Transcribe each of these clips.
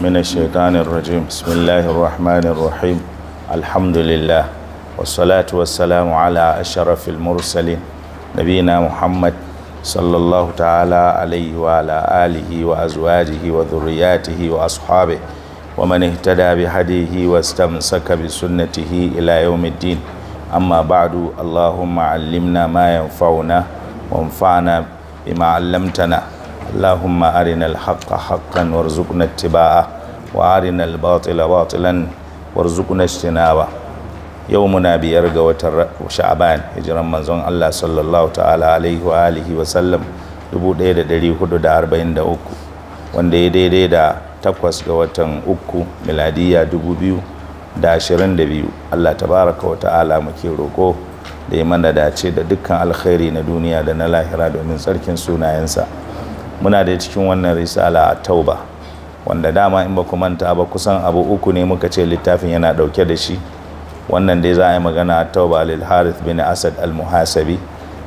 mina shaitanin rajim bismillahir lillah! rahim alhamdulillah wasalatu wassalamu ala asharafil mursalin nabina muhammad sallallahu ta'ala alaihi wa ala alihi wa azwajihi wa dhurriyatihi wa ashabihi wa man ihtada bi hadihi wastamsaka bi sunnatihi ila yawmiddin amma ba'du allahumma allimna ma yanfa'una wanfa'na bima 'allamtana اللهم أرنا الحق حقا وارزقنا اتباعه وأرنا الباطل باطلا وارزقنا اجتنابه يومنا بيرجى وتر وشعبان هجرا منزون الله صلى الله تعالى عليه وآله وسلم 1443 wanda ya daidai da takwas ga watan ashirin da 2022 Allah tabaraka wa ta'ala muke roƙo da ya mana dace da dukkan alkhairi na duniya da na lahira domin tsarkin sunayensa muna da cikin wannan risala a tauba wanda dama in ba ku manta ba kusan abu uku ne muka ce littafin yana ɗauke da shi wannan dai za a yi magana a tauba lil harith bin asad al-muhasabi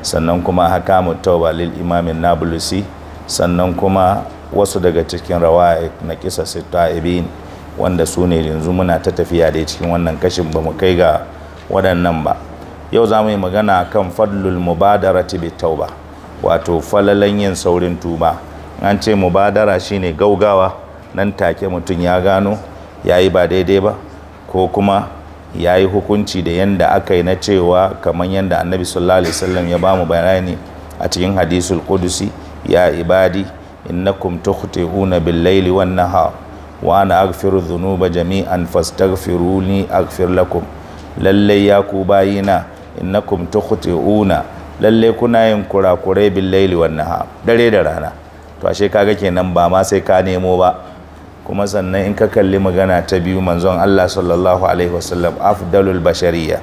sannan kuma mu tauba lil imamin nablusi sannan kuma wasu daga cikin rawa na kisa sita'ibin wanda su ne yanzu muna ta tafiya da cikin wannan kashin ba mu kai ga waɗannan ba yau za mu yi magana kan fadlul mubadarati bi tauba wato falalan yin saurin tuba an ce mubadara shine gaugawa nan take mutum ya gano ya yi ba daidai ba ko kuma ya yi hukunci da yanda aka yi na cewa kamar yanda annabi sallallahu alaihi wasallam ya ba mu bayani a cikin hadisul qudusi ya ibadi innakum tukhti'una bil laili wan nahar wa ana aghfiru dhunuba jami'an fastaghfiruni aghfir lakum lalle ya ku bayina innakum tukhti'una lalle kuna yin kurakurai bin laili wannan ha dare da rana to ashe kaga kenan ba ma sai ka nemo ba kuma sannan in ka kalli magana ta biyu manzon Allah sallallahu alaihi wasallam afdalul bashariya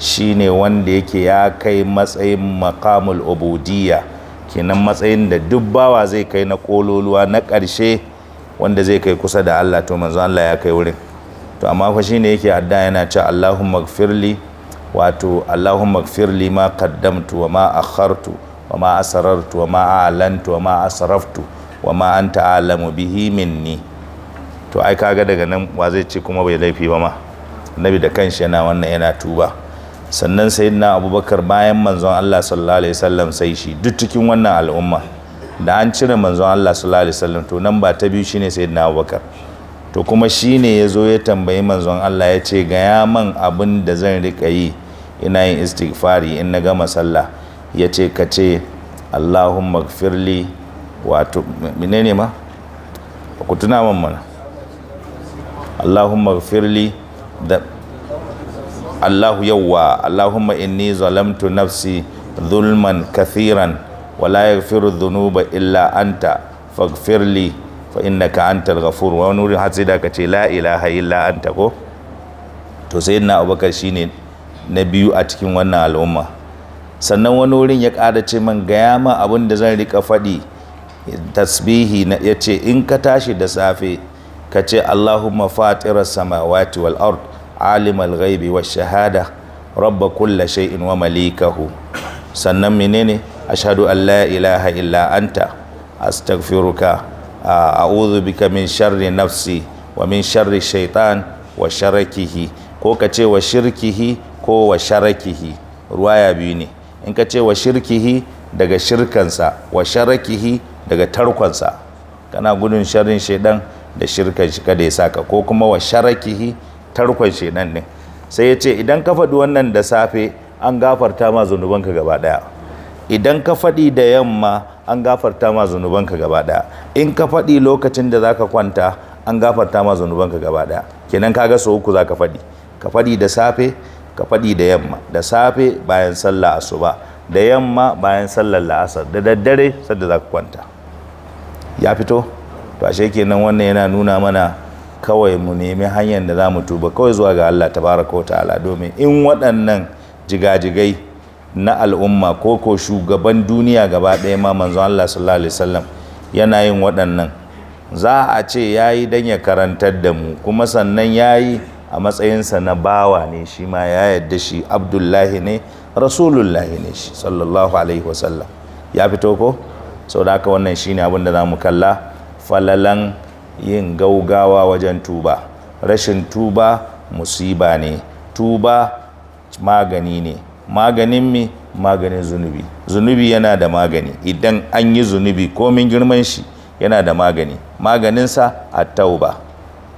shine wanda yake ya kai matsayin maqamul ubudiyya kenan matsayin da duk bawa zai kai na kololuwa na ƙarshe wanda zai kai kusa da Allah to manzon Allah ya kai wurin to amma fa shine yake adda yana cewa Allahumma gfirli wato Allahumma li ma qaddamtu wa ma akhartu wa ma asrartu wa ma a'lantu wa ma asraftu wa ma anta a'lamu bihi minni to ai kaga daga nan wa zai ce kuma bai laifi ba ma nabi da kanshi yana wannan yana tuba sannan sayyidina abubakar bayan manzon Allah sallallahu alaihi wasallam sai shi duk cikin wannan al'umma da an cire manzon Allah sallallahu alaihi wasallam to nan ba ta biyu shine sayyidina abubakar to kuma shine ya zo ya tambayi manzon Allah ya ce ga ya man abin da zan riƙa yi ina yin istighfari in na gama sallah ya ce ka ce allahumma gfirli wato menene ma ku tuna man mana allahumma gfirli da allahu yawwa allahun inni zalamtu nafsi zulman kathiran wala yaghfiru dhunuba illa anta fagfirli fa an ta gafuru wa wurin hatsi da ka ce la ilaha illa anta ko to abokan shi ne. na biyu a cikin wannan al'umma sannan wani wurin ya ƙara ce man gaya ma abin da zan rika faɗi tasbihi na ya ce in ka tashi da safe ka ce allahumma fatirar samawati wal ard alimal ghaibi wa shahada rabba kulla shay'in wa malikahu sannan menene ashhadu an la ilaha illa anta astaghfiruka a'udhu bika min sharri nafsi wa min sharri shaitan wa sharakihi ko ka ce wa shirkihi ko wa sharakihi ruwa ya biyu ne in ka ce wa shirkihi daga shirkansa wa sharakihi daga tarkonsa kana gudun sharrin shaidan da shirkan shi kada ya saka ko kuma wa sharakihi tarkon shaidan din sai ya ce idan ka faɗi wannan da safe an gafarta ma zunubanka gaba ɗaya idan ka faɗi da yamma an gafarta ma zunubanka gaba ɗaya in ka faɗi lokacin da zaka kwanta an gafarta ma zunubanka gaba ɗaya kenan kaga so uku zaka faɗi ka faɗi da safe ka faɗi da yamma da safe bayan sallah asuba da yamma bayan sallar la'asar da daddare sadda za ka kwanta ya fito to ashe kenan wannan yana nuna mana kawai mu nemi hanyar da za mu tuba kawai zuwa ga Allah baraka wa ta'ala domin in waɗannan jigajigai na al'umma ko ko shugaban duniya gaba ɗaya ma manzon Allah sallallahu alaihi wasallam yana yin waɗannan za a ce yayi dan ya karantar da mu kuma sannan yayi a matsayinsa na bawa ne shi ma ya yadda shi abdullahi ne rasulullahi ne shi sallallahu alaihi wasallam ya fito ko sau da aka wannan shi abin da za mu kalla falalan yin gaugawa wajen tuba rashin tuba musiba ne tuba magani ne maganin mi maganin zunubi zunubi yana da magani idan an yi zunubi komin girman shi yana da magani maganinsa a tauba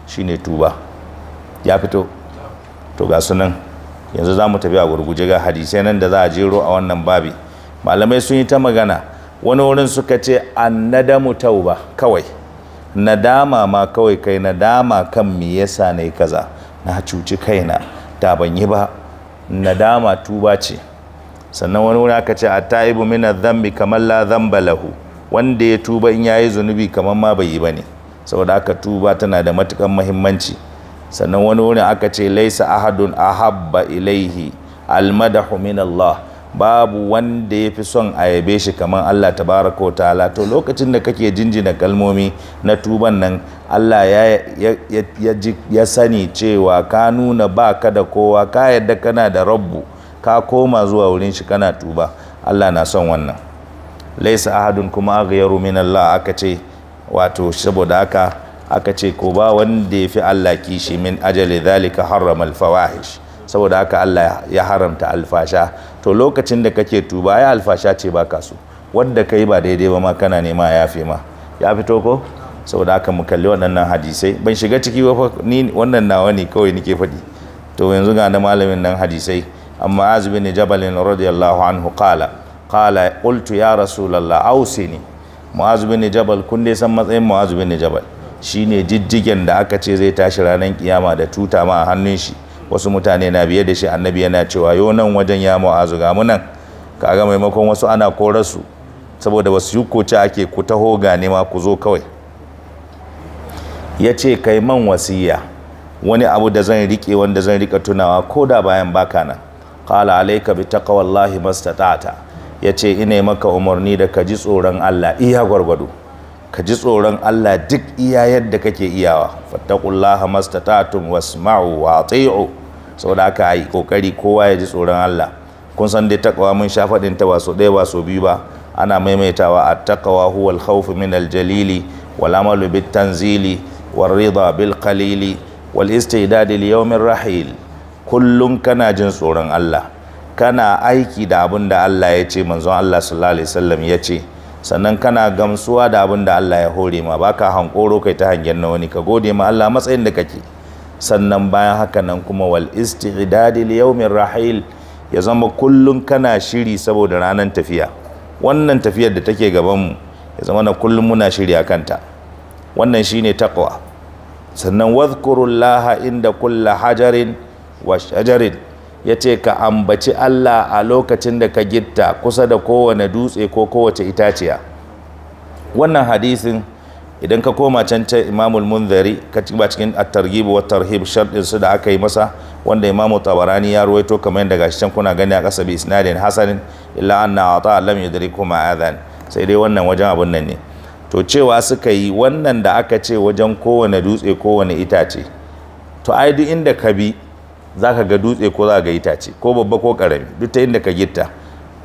shi ne tuba ya fito to ga sunan yanzu za mu tafi a gurguje ga hadisai nan da za a jero a wannan babi malamai sun yi ta magana wani wurin suka ce nadamu tauba kawai nadama ma kawai kai nadama kan me yasa ne kaza na cuci kaina da ban yi ba nadama tuba ce sannan wani wurin aka ce a yi min adh-dhanbi kamar la dhanba lahu wanda ya tuba in yayi zunubi kamar ma bai yi ba bane saboda aka tuba tana da matukan muhimmanci sannan wani wurin aka ce laisa ahadun ahabba ilaihi almadahu min Allah babu wanda ya fi son a yabe shi kamar Allah tabaraka wa ta'ala to lokacin da kake jinjina kalmomi na tuban nan Allah ya, sani cewa ka nuna ba ka da kowa ka yadda kana da rabbu ka koma zuwa wurin shi kana tuba Allah na son wannan laisa ahadun kuma aghyaru min Allah aka ce wato saboda haka aka ce ko ba wanda ya fi Allah kishi min ajali zalika haram alfawahish saboda haka Allah ya haramta alfasha to lokacin da kake tuba ya alfasha ce ba ka so wanda kai ba daidai ba ma kana nema ya fi ma ya fito ko saboda haka mu kalli waɗannan hadisai ban shiga ciki ba ni wannan nawa ne kawai nake faɗi to yanzu ga na malamin nan hadisai amma azbi ne jabalin radiyallahu anhu qala qala qultu ya rasulullah ausini mu'az bin jabal kun dai san matsayin mu'az bin jabal shine jijjigen da aka ce zai tashi ranar kiyama da tuta ma a hannun shi wasu mutane na biye da shi annabi yana cewa yo nan wajen ya mu'azu ga mu nan kaga maimakon wasu ana korasu saboda wasu yukoci ake ku taho ga ma ku zo kawai ya ce kai man wasiya wani abu da zan rike wanda zan rika tunawa ko da bayan baka nan qala alayka bi taqwallahi Ya ce ina maka umarni da ka ji tsoron Allah iya gwargwado ka ji tsoron Allah duk iya yadda kake iyawa fattaqullaha mastata'tum wasma'u wa ati'u saboda aka yi kokari kowa ya ji tsoron Allah kun san dai takawa mun sha faɗin ta ba ɗaya ba su biyu ba ana maimaitawa a taqwa huwa al-khawf min al-jalili wal amalu bit-tanzili war rida bil qalili wal istidad li yawmir rahil kullun kana jin tsoron Allah kana aiki da abin da Allah ya ce manzon Allah sallallahu alaihi wasallam ya ce sannan kana gamsuwa da abin da Allah ya hore ma ba ka hankoro kai ta hangen na wani ka gode ma Allah matsayin da kake sannan bayan haka nan kuma wal isti'dadi li yawmir rahil ya zama kullun kana shiri saboda ranar tafiya wannan tafiyar da take gaban mu ya zama na kullun muna shiri kanta wannan shine taqwa sannan wadhkurullaha inda kulli hajarin wa shajarin ya ce ka ambaci Allah a lokacin da ka gitta kusa da kowane dutse ko kowace itaciya wannan hadisin idan ka koma can imamul munzari ka ci ba cikin at-targhib wa tarhib shartin su da aka yi masa wanda imamu tabarani ya ruwaito kamar yadda gashi can kuna gani a kasa bi isnadin hasanin illa anna ata lam yudriku ma adhan sai dai wannan wajen abun nan ne to cewa suka yi wannan da aka ce wajen kowane dutse kowane itace to ai duk inda ka bi za ka ga dutse ko za ka ga itace ko babba ko karami duk ta inda ka gita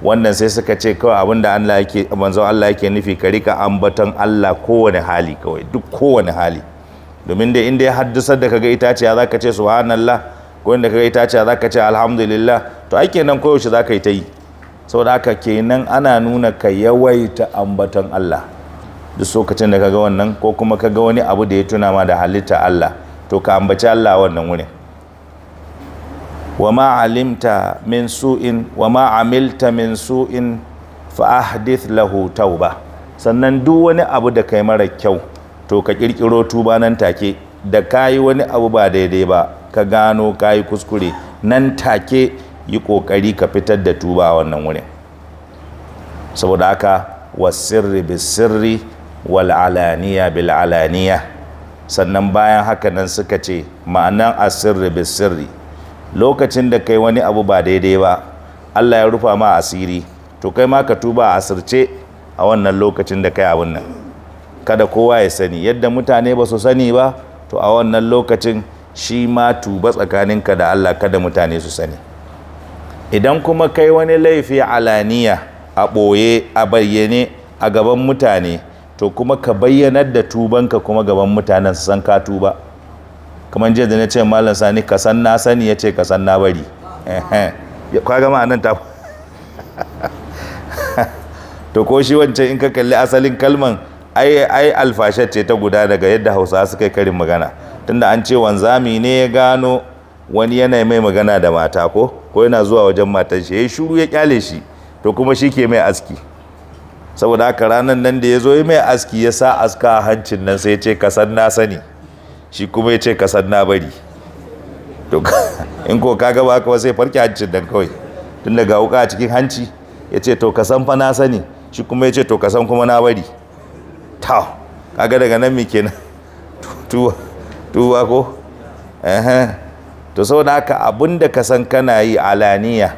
wannan sai suka ce kawai abin da Allah yake manzon Allah yake nufi ka rika ambaton Allah kowane hali kawai duk kowane hali domin da inda ya haddasar da kaga ya za ka ce subhanallah ko inda kaga ya za ka ce alhamdulillah to ai kenan koyaushe za ka yi ta yi saboda haka kenan ana nuna ka yawaita ambaton Allah duk lokacin da ga wannan ko kuma ka ga wani abu da ya tuna ma da halitta Allah to ka ambaci Allah wannan wurin wa ma alimta min su'in wa ma amilta min su'in fa sannan duk wani abu da kai mara kyau to ka kirkiro tuba nan take da kayi wani abu ba daidai ba ka gano kayi kuskure nan take yi kokari ka fitar da tuba wannan wurin saboda haka wasirri sirri wal alaniya bil alaniya sannan bayan haka nan suka ce ma'anan asirri sirri. lokacin da kai wani abu ba daidai ba Allah ya rufa ma asiri to kai ma ka tuba a asirce a wannan lokacin da kai abun nan kada kowa ya sani yadda mutane ba su sani ba to a wannan lokacin shi ma tuba tsakaninka da Allah kada mutane su sani idan kuma kai wani laifi alaniya a ɓoye a bayyane a gaban mutane to kuma ka bayyanar da tubanka kuma gaban mutanen su san ka tuba kamar jiya da na ce malam sani ka san na sani ya ce ka na bari kwa gama nan ta to ko shi wancan in ka kalli asalin kalman ai ai alfashat ce ta guda daga yadda hausa suka yi karin magana tunda an ce wanzami ne ya gano wani yana mai magana da mata ko ko yana zuwa wajen matan shi yayi shuru ya kyale shi to kuma shi ke mai aski saboda haka ranar nan da ya zo mai aski ya sa aska a hancin nan sai ya ce ka na sani shi kuma ya ce kasar na bari to in ko ka gaba haka sai farki hancin don kawai tun daga wuka a cikin hanci ya ce to kasan fa na sani shi kuma ya ce to kasan kuma na bari ta kaga daga nan mike na tuwa tuwa ko to da haka abin da ka san kana yi alaniya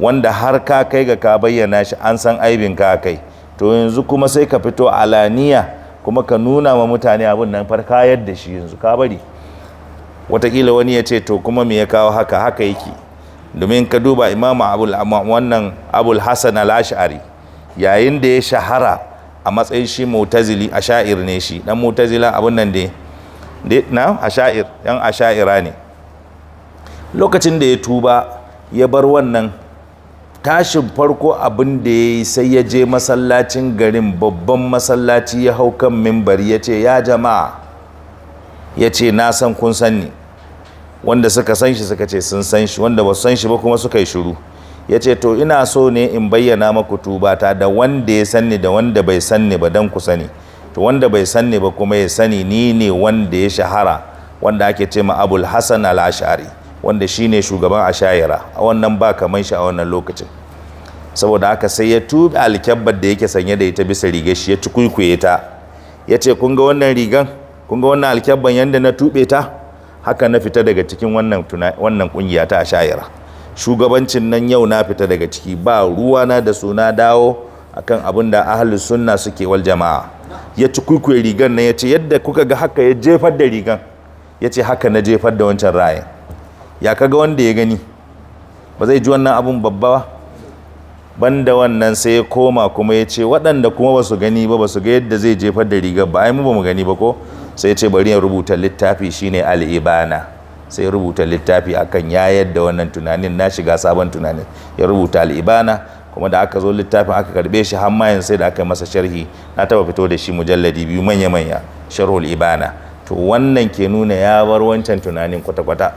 wanda har ka kai ga ka bayyana shi an san aibin ka kai to yanzu kuma sai ka fito alaniya kuma ka nuna ma mutane abin nan farka yadda da shi yanzu ka bari watakila wani ya ce to kuma me ya kawo haka haka yake domin ka duba imamu abul wannan abul hasan al-ash'ari yayin da ya shahara a matsayin shi mutazili a ne shi dan mutazila abun nan da na a yan a sha'ira ne lokacin da ya tuba ya bar wannan tashin farko abin da ya yi sai ya je masallacin garin babban masallaci ya hau kan mimbar ya ce ya jama'a ya ce na san kun sani wanda suka san shi suka ce sun san shi wanda ba san shi ba kuma suka yi shuru ya ce to ina so ne in bayyana maku tubata da wanda ya sanni da wanda bai sanni ba don ku sani to wanda bai sanni ba kuma ya sani ni ne wanda ya shahara wanda ake ce ma abul hasan al-ash'ari wanda shi ne shugaban ashayira a wannan ba kamar shi a wannan lokacin saboda haka sai ya tube alkyabbar da yake sanye da ita bisa riga shi ya tukuikuye ta ya ce kun wannan rigan kun wannan alkyabban yadda na tube ta haka na fita daga cikin wannan kungiya ta ashayira shugabancin nan yau na fita daga ciki ba ruwa na da suna dawo akan abin da ahalus sunna suke wal jama'a ya ci rigan nan ya ce yadda kuka ga haka ya jefar da rigan ya ce haka na jefar da wancan rayin ya kaga wanda ya gani ba zai ji wannan abun babba ba banda wannan sai ya koma kuma ya ce waɗanda kuma ba su gani ba ba su ga yadda zai jefar da rigar ba ai mu ba mu gani ba ko sai ya ce bari ya rubuta littafi shine al'ibana sai rubuta littafi akan ya yadda wannan tunanin na shiga sabon tunanin ya rubuta al'ibana kuma da aka zo littafin aka karbe shi har sai da aka masa sharhi na taba fito da shi mujalladi biyu manya manya sharhul ibana to wannan ke nuna ya bar wancan tunanin kwata kwata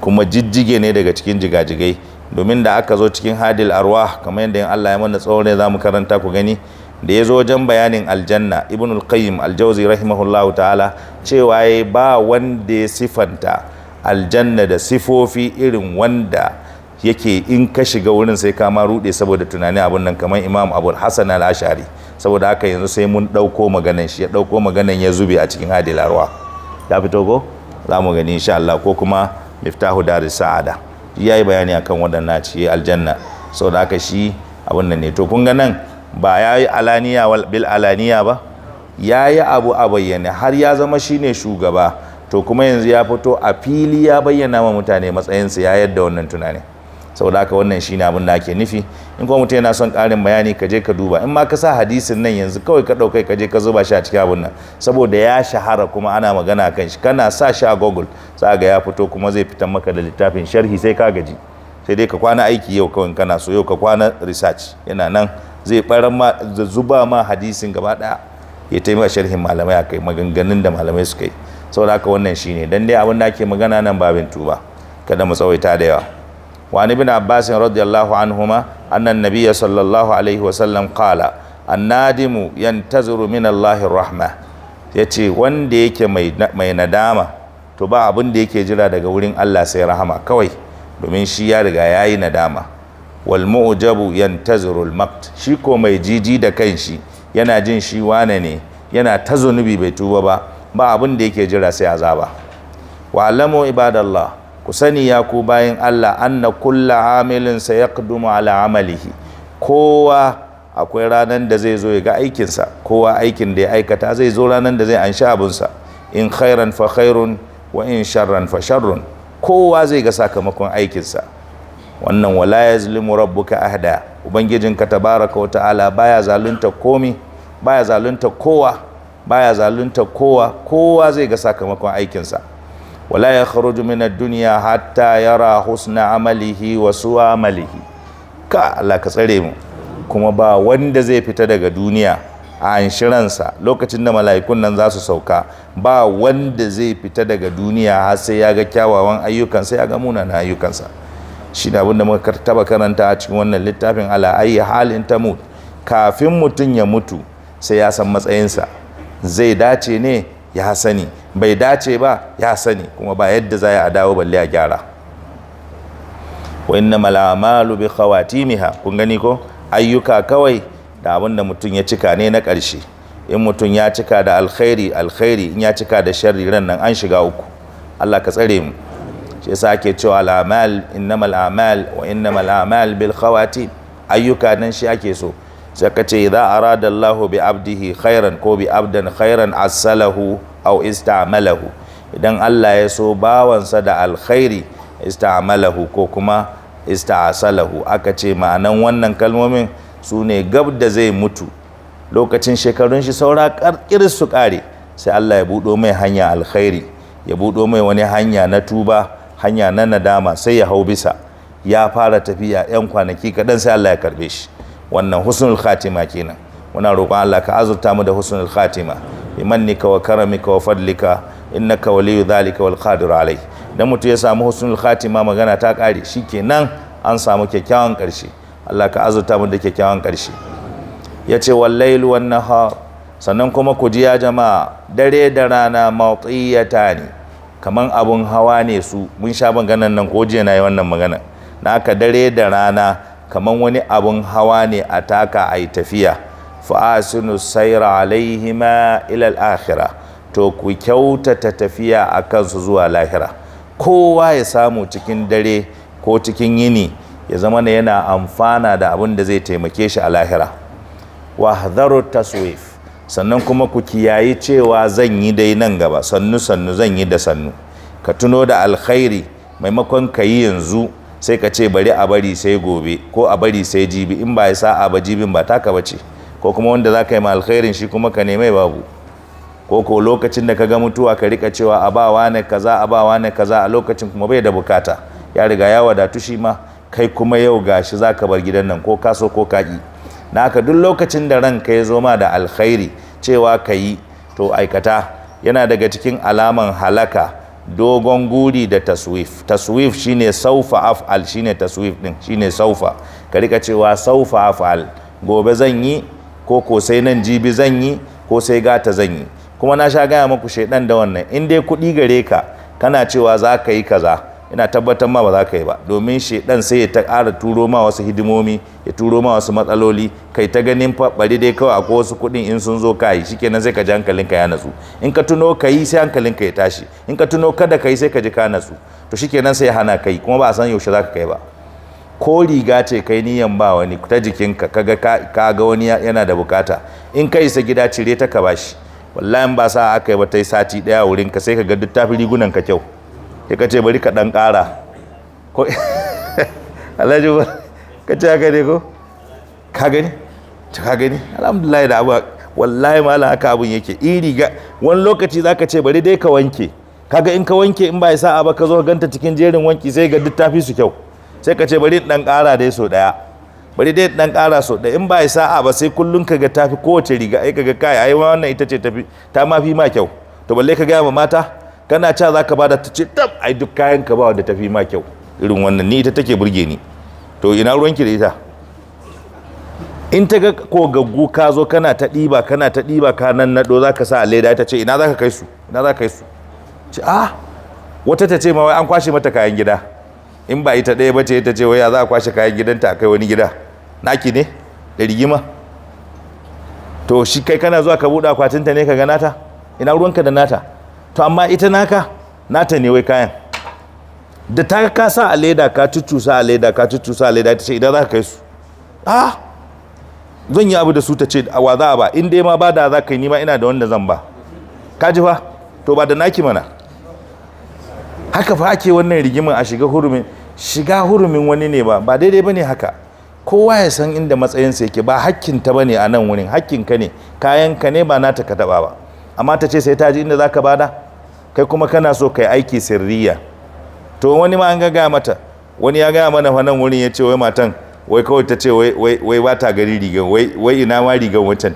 kuma jijjige ne daga cikin jigajigai domin da aka zo cikin hadil arwa kamar yadda yin Allah ya mana tsawon ne za mu karanta ku gani da ya zo wajen bayanin aljanna ibn al-qayyim al-jawzi rahimahullahu ta'ala cewa ya ba wanda ya sifanta aljanna da sifofi irin wanda yake in ka shiga wurin sai kama rude saboda tunanin abun nan kamar imam abu hasan al-ashari saboda haka yanzu sai mun dauko maganan shi ya dauko maganan ya zube a cikin hadil arwah ya fito ko za mu gani insha Allah ko kuma miftahu daris sa'ada ya yi bayani akan wadanna ce aljanna saboda haka shi abin nan ne to kun ga nan ba yayi yi alaniya bil alaniya ba yayi abu a bayyane har ya zama shine shugaba to kuma yanzu ya fito a fili ya bayyana wa mutane matsayinsa ya yadda wannan tunanin saboda haka wannan shine abin da ake nufi in kuma mutum yana son ƙarin bayani ka je ka duba in ma ka sa hadisin nan yanzu kawai ka ɗaukai ka je ka zuba shi a cikin abin nan saboda ya shahara kuma ana magana kan shi kana sa shi a google za ga ya fito kuma zai fitan maka da littafin sharhi sai ka gaji sai dai ka kwana aiki yau kawai kana so yau ka kwana research yana nan zai ɓaran ma zuba ma hadisin gaba ɗaya ya taimaka sharhin malamai a kai maganganun da malamai suka yi saboda haka wannan shine dan dai abin da ake magana nan babin tuba kada mu tsawaita da yawa وعن ابن عباس رضي الله عنهما أن النبي صلى الله عليه وسلم قال النادم ينتظر من الله الرحمة yace wanda yake mai nadama to ba abin da yake jira daga wurin Allah sai rahama kawai domin shi ya riga yayi nadama wal mu'jabu yantaziru al maqt shi ko mai jiji da kanshi yana jin shi wane ne yana ta zunubi bai tuba ba ba abin da yake jira sai azaba wa alamu ibadallah ku sani ya ku bayan Allah anna kulla amilin sa yaqdumu ala amalihi kowa akwai ranar da zai zo ya ga aikinsa kowa aikin da ya aikata zai zo ranar da zai anshi abunsa in khairan fa khairun wa in sharran fa sharrun kowa zai ga sakamakon aikinsa wannan wala yazlimu rabbuka ahada ubangijinka tabaraka wa ta'ala baya zalunta komi baya zalunta kowa baya zalunta kowa kowa zai ga sakamakon aikinsa wala ya kharuju min ad-dunya hatta yara husna amalihi wa su'a amalihi ka Allah ka tsare mu kuma ba wanda zai fita daga duniya a anshiransa lokacin da mala'ikun nan za su sauka ba wanda zai fita daga duniya har sai ya ga kyawawan ayyukan sai ya ga munanan ayyukansa shi da abin da muka taba karanta a cikin wannan littafin ala ayi halin ta mutu kafin mutum ya mutu sai ya san matsayinsa zai dace ne ya sani bai dace ba ya sani kuma ba yadda za a dawo balle a gyara wani inna malamalu bi khawatimiha kun gani ko ayyuka kawai da abin da mutum ya cika ne na ƙarshe in mutum ya cika da alkhairi alkhairi in ya cika da sharri ran nan an shiga uku Allah ka tsare mu shi yasa ake cewa al'amal innamal a'mal wa innamal a'mal bil khawatim ayyuka nan shi ake so sai ka ce za a rada Allahu bi abdihi khairan ko bi abdan khairan asalahu au ista'malahu idan Allah ya so bawansa da alkhairi ista'malahu ko kuma istasalahu aka ce ma'anan wannan kalmomin su ne gab da zai mutu lokacin shekarun shi saura karkiris su kare sai Allah ya buɗo mai hanya alkhairi ya buɗo mai wani hanya na tuba hanya na nadama sai ya hau bisa ya fara tafiya 'yan kwanaki kaɗan sai Allah ya karbe shi wannan husnul khatima kenan muna roƙon Allah ka azurta mu da husnul khatima mannika wa karamika wa fadlika innaka waliyu dhalika wal qadir alai dan mutum ya samu husnul khatima magana ta kare shikenan an samu kyakkyawan karshe Allah ka azurta mu da kyakkyawan karshe yace wal laylu wan nahar sannan kuma ku ji ya jama'a dare da rana mawtiyatani kaman abun hawa ne su mun sha ganan nan ko jiya yi wannan magana na aka dare da rana kamar wani abun hawa ne a taka a yi tafiya fa'asinu saira alaihima ilal akhira to ku kyautata tafiya a kansu zuwa lahira kowa ya samu cikin dare ko cikin yini ya zama na yana amfana da abin da zai taimake shi a lahira hadaru taswif sannan kuma ku kiyayi cewa zan yi dai nan gaba sannu sannu zan yi da sannu ka tuno da alkhairi maimakon ka yi yanzu sai ka ce bari a bari sai gobe ko a bari sai jibi in ba ya sa'a ba jibin ba taka bace ko kuma wanda za ka yi ma alkhairin shi kuma ka nemai babu ko ko lokacin da ka ga mutuwa ka rika cewa a ba wane kaza a ba wane kaza a lokacin kuma bai da bukata ya riga ya wadatu shi ma kai kuma yau gashi za ka bar gidan nan ko kaso ko kaki na ka duk lokacin da ranka ya zo ma da alkhairi cewa ka yi to aikata yana daga cikin alaman halaka dogon guri da taswif taswif shine saufa af'al shine taswif din shine saufa ka rika cewa saufa af'al gobe zan yi ko ko sai nan jibi zan yi ko sai gata zan yi kuma na sha gaya muku shaidan da wannan in dai kuɗi gare ka kana cewa za ka yi kaza ina tabbatar ma ba za ka yi ba domin shedan sai ya ta ƙara turo ma wasu hidimomi ya turo ma wasu matsaloli kai ta ganin bari dai kawai akwai wasu kuɗin in sun zo ka yi shikenan sai ka ji hankalinka ya natsu in ka tuno ka yi sai hankalinka ya tashi in ka tuno kada ka yi sai ka ji ka natsu to shikenan sai ya hana kai kuma ba a san yaushe za ka kai ba ko riga ce kai niyan ba wani ta jikinka kaga ka ga wani yana da bukata in ka isa gida cire ta ka bashi wallahi ba sa aka yi ba ta yi sati ɗaya wurin ka sai ka ga duk tafi rigunan ka kyau ya kace bari ka dan ƙara ko alhaji ba ka ce haka ne ko ka gani ta ka gani alhamdulillah da abu wallahi malam haka abun yake iri ga wani lokaci zaka ce bari dai ka wanke kaga in ka wanke in ba ya sa'a ba ka zo ganta cikin jerin wanki sai ga duk tafi su kyau sai ka ce bari dan ƙara dai so daya bari dai dan ƙara so daya in ba ya sa'a ba sai kullun ka ga tafi kowace riga ai ga kai ai wannan ita ce tafi ta ma fi ma kyau to balle ka ga mata kana ca za ka ba da ta ce tab ai duk kayan ka ba wanda tafi ma kyau irin wannan ni ita take burge ni to ina ruwanki da ita in ta ga ko gaggu ka zo kana ta ɗiba kana ta ɗiba ka nan naɗo za ka sa a leda ta ce ina za ka kai su ina za ka kai su ce ah wata ta ce ma wai an kwashe mata kayan gida in ba ita ɗaya ba ce ta ce wai ya za a kwashe kayan gidanta a kai wani gida naki ne da rigima to shi kai kana zuwa ka buɗe akwatinta ne ka ga nata ina ruwanka da nata to amma ita naka nata ne wai kayan da ta ka sa a leda ka sa a leda ka sa a leda ta ce idan za ka kai su ah zan yi abu da su ta ce a wa za ba in dai ma ba da za ka yi nima ina da wanda zan ba ka ji fa to ba da naki mana haka fa ake wannan rigimin a shiga hurumin shiga hurumin wani ne ba ba daidai ba ne haka kowa ya san inda matsayinsa yake ba hakkinta ba ne a nan wurin hakkinka ne kayanka ne ba nata ka taɓa ba amma ta ce sai ta ji inda za ka bada kai kuma kana so kai aiki sirriya to wani ma an ga mata wani ya gaya mana nan wurin ya ce wai matan wai kawai ta ce wai ba ta gari rigar wai ina ma rigar waccan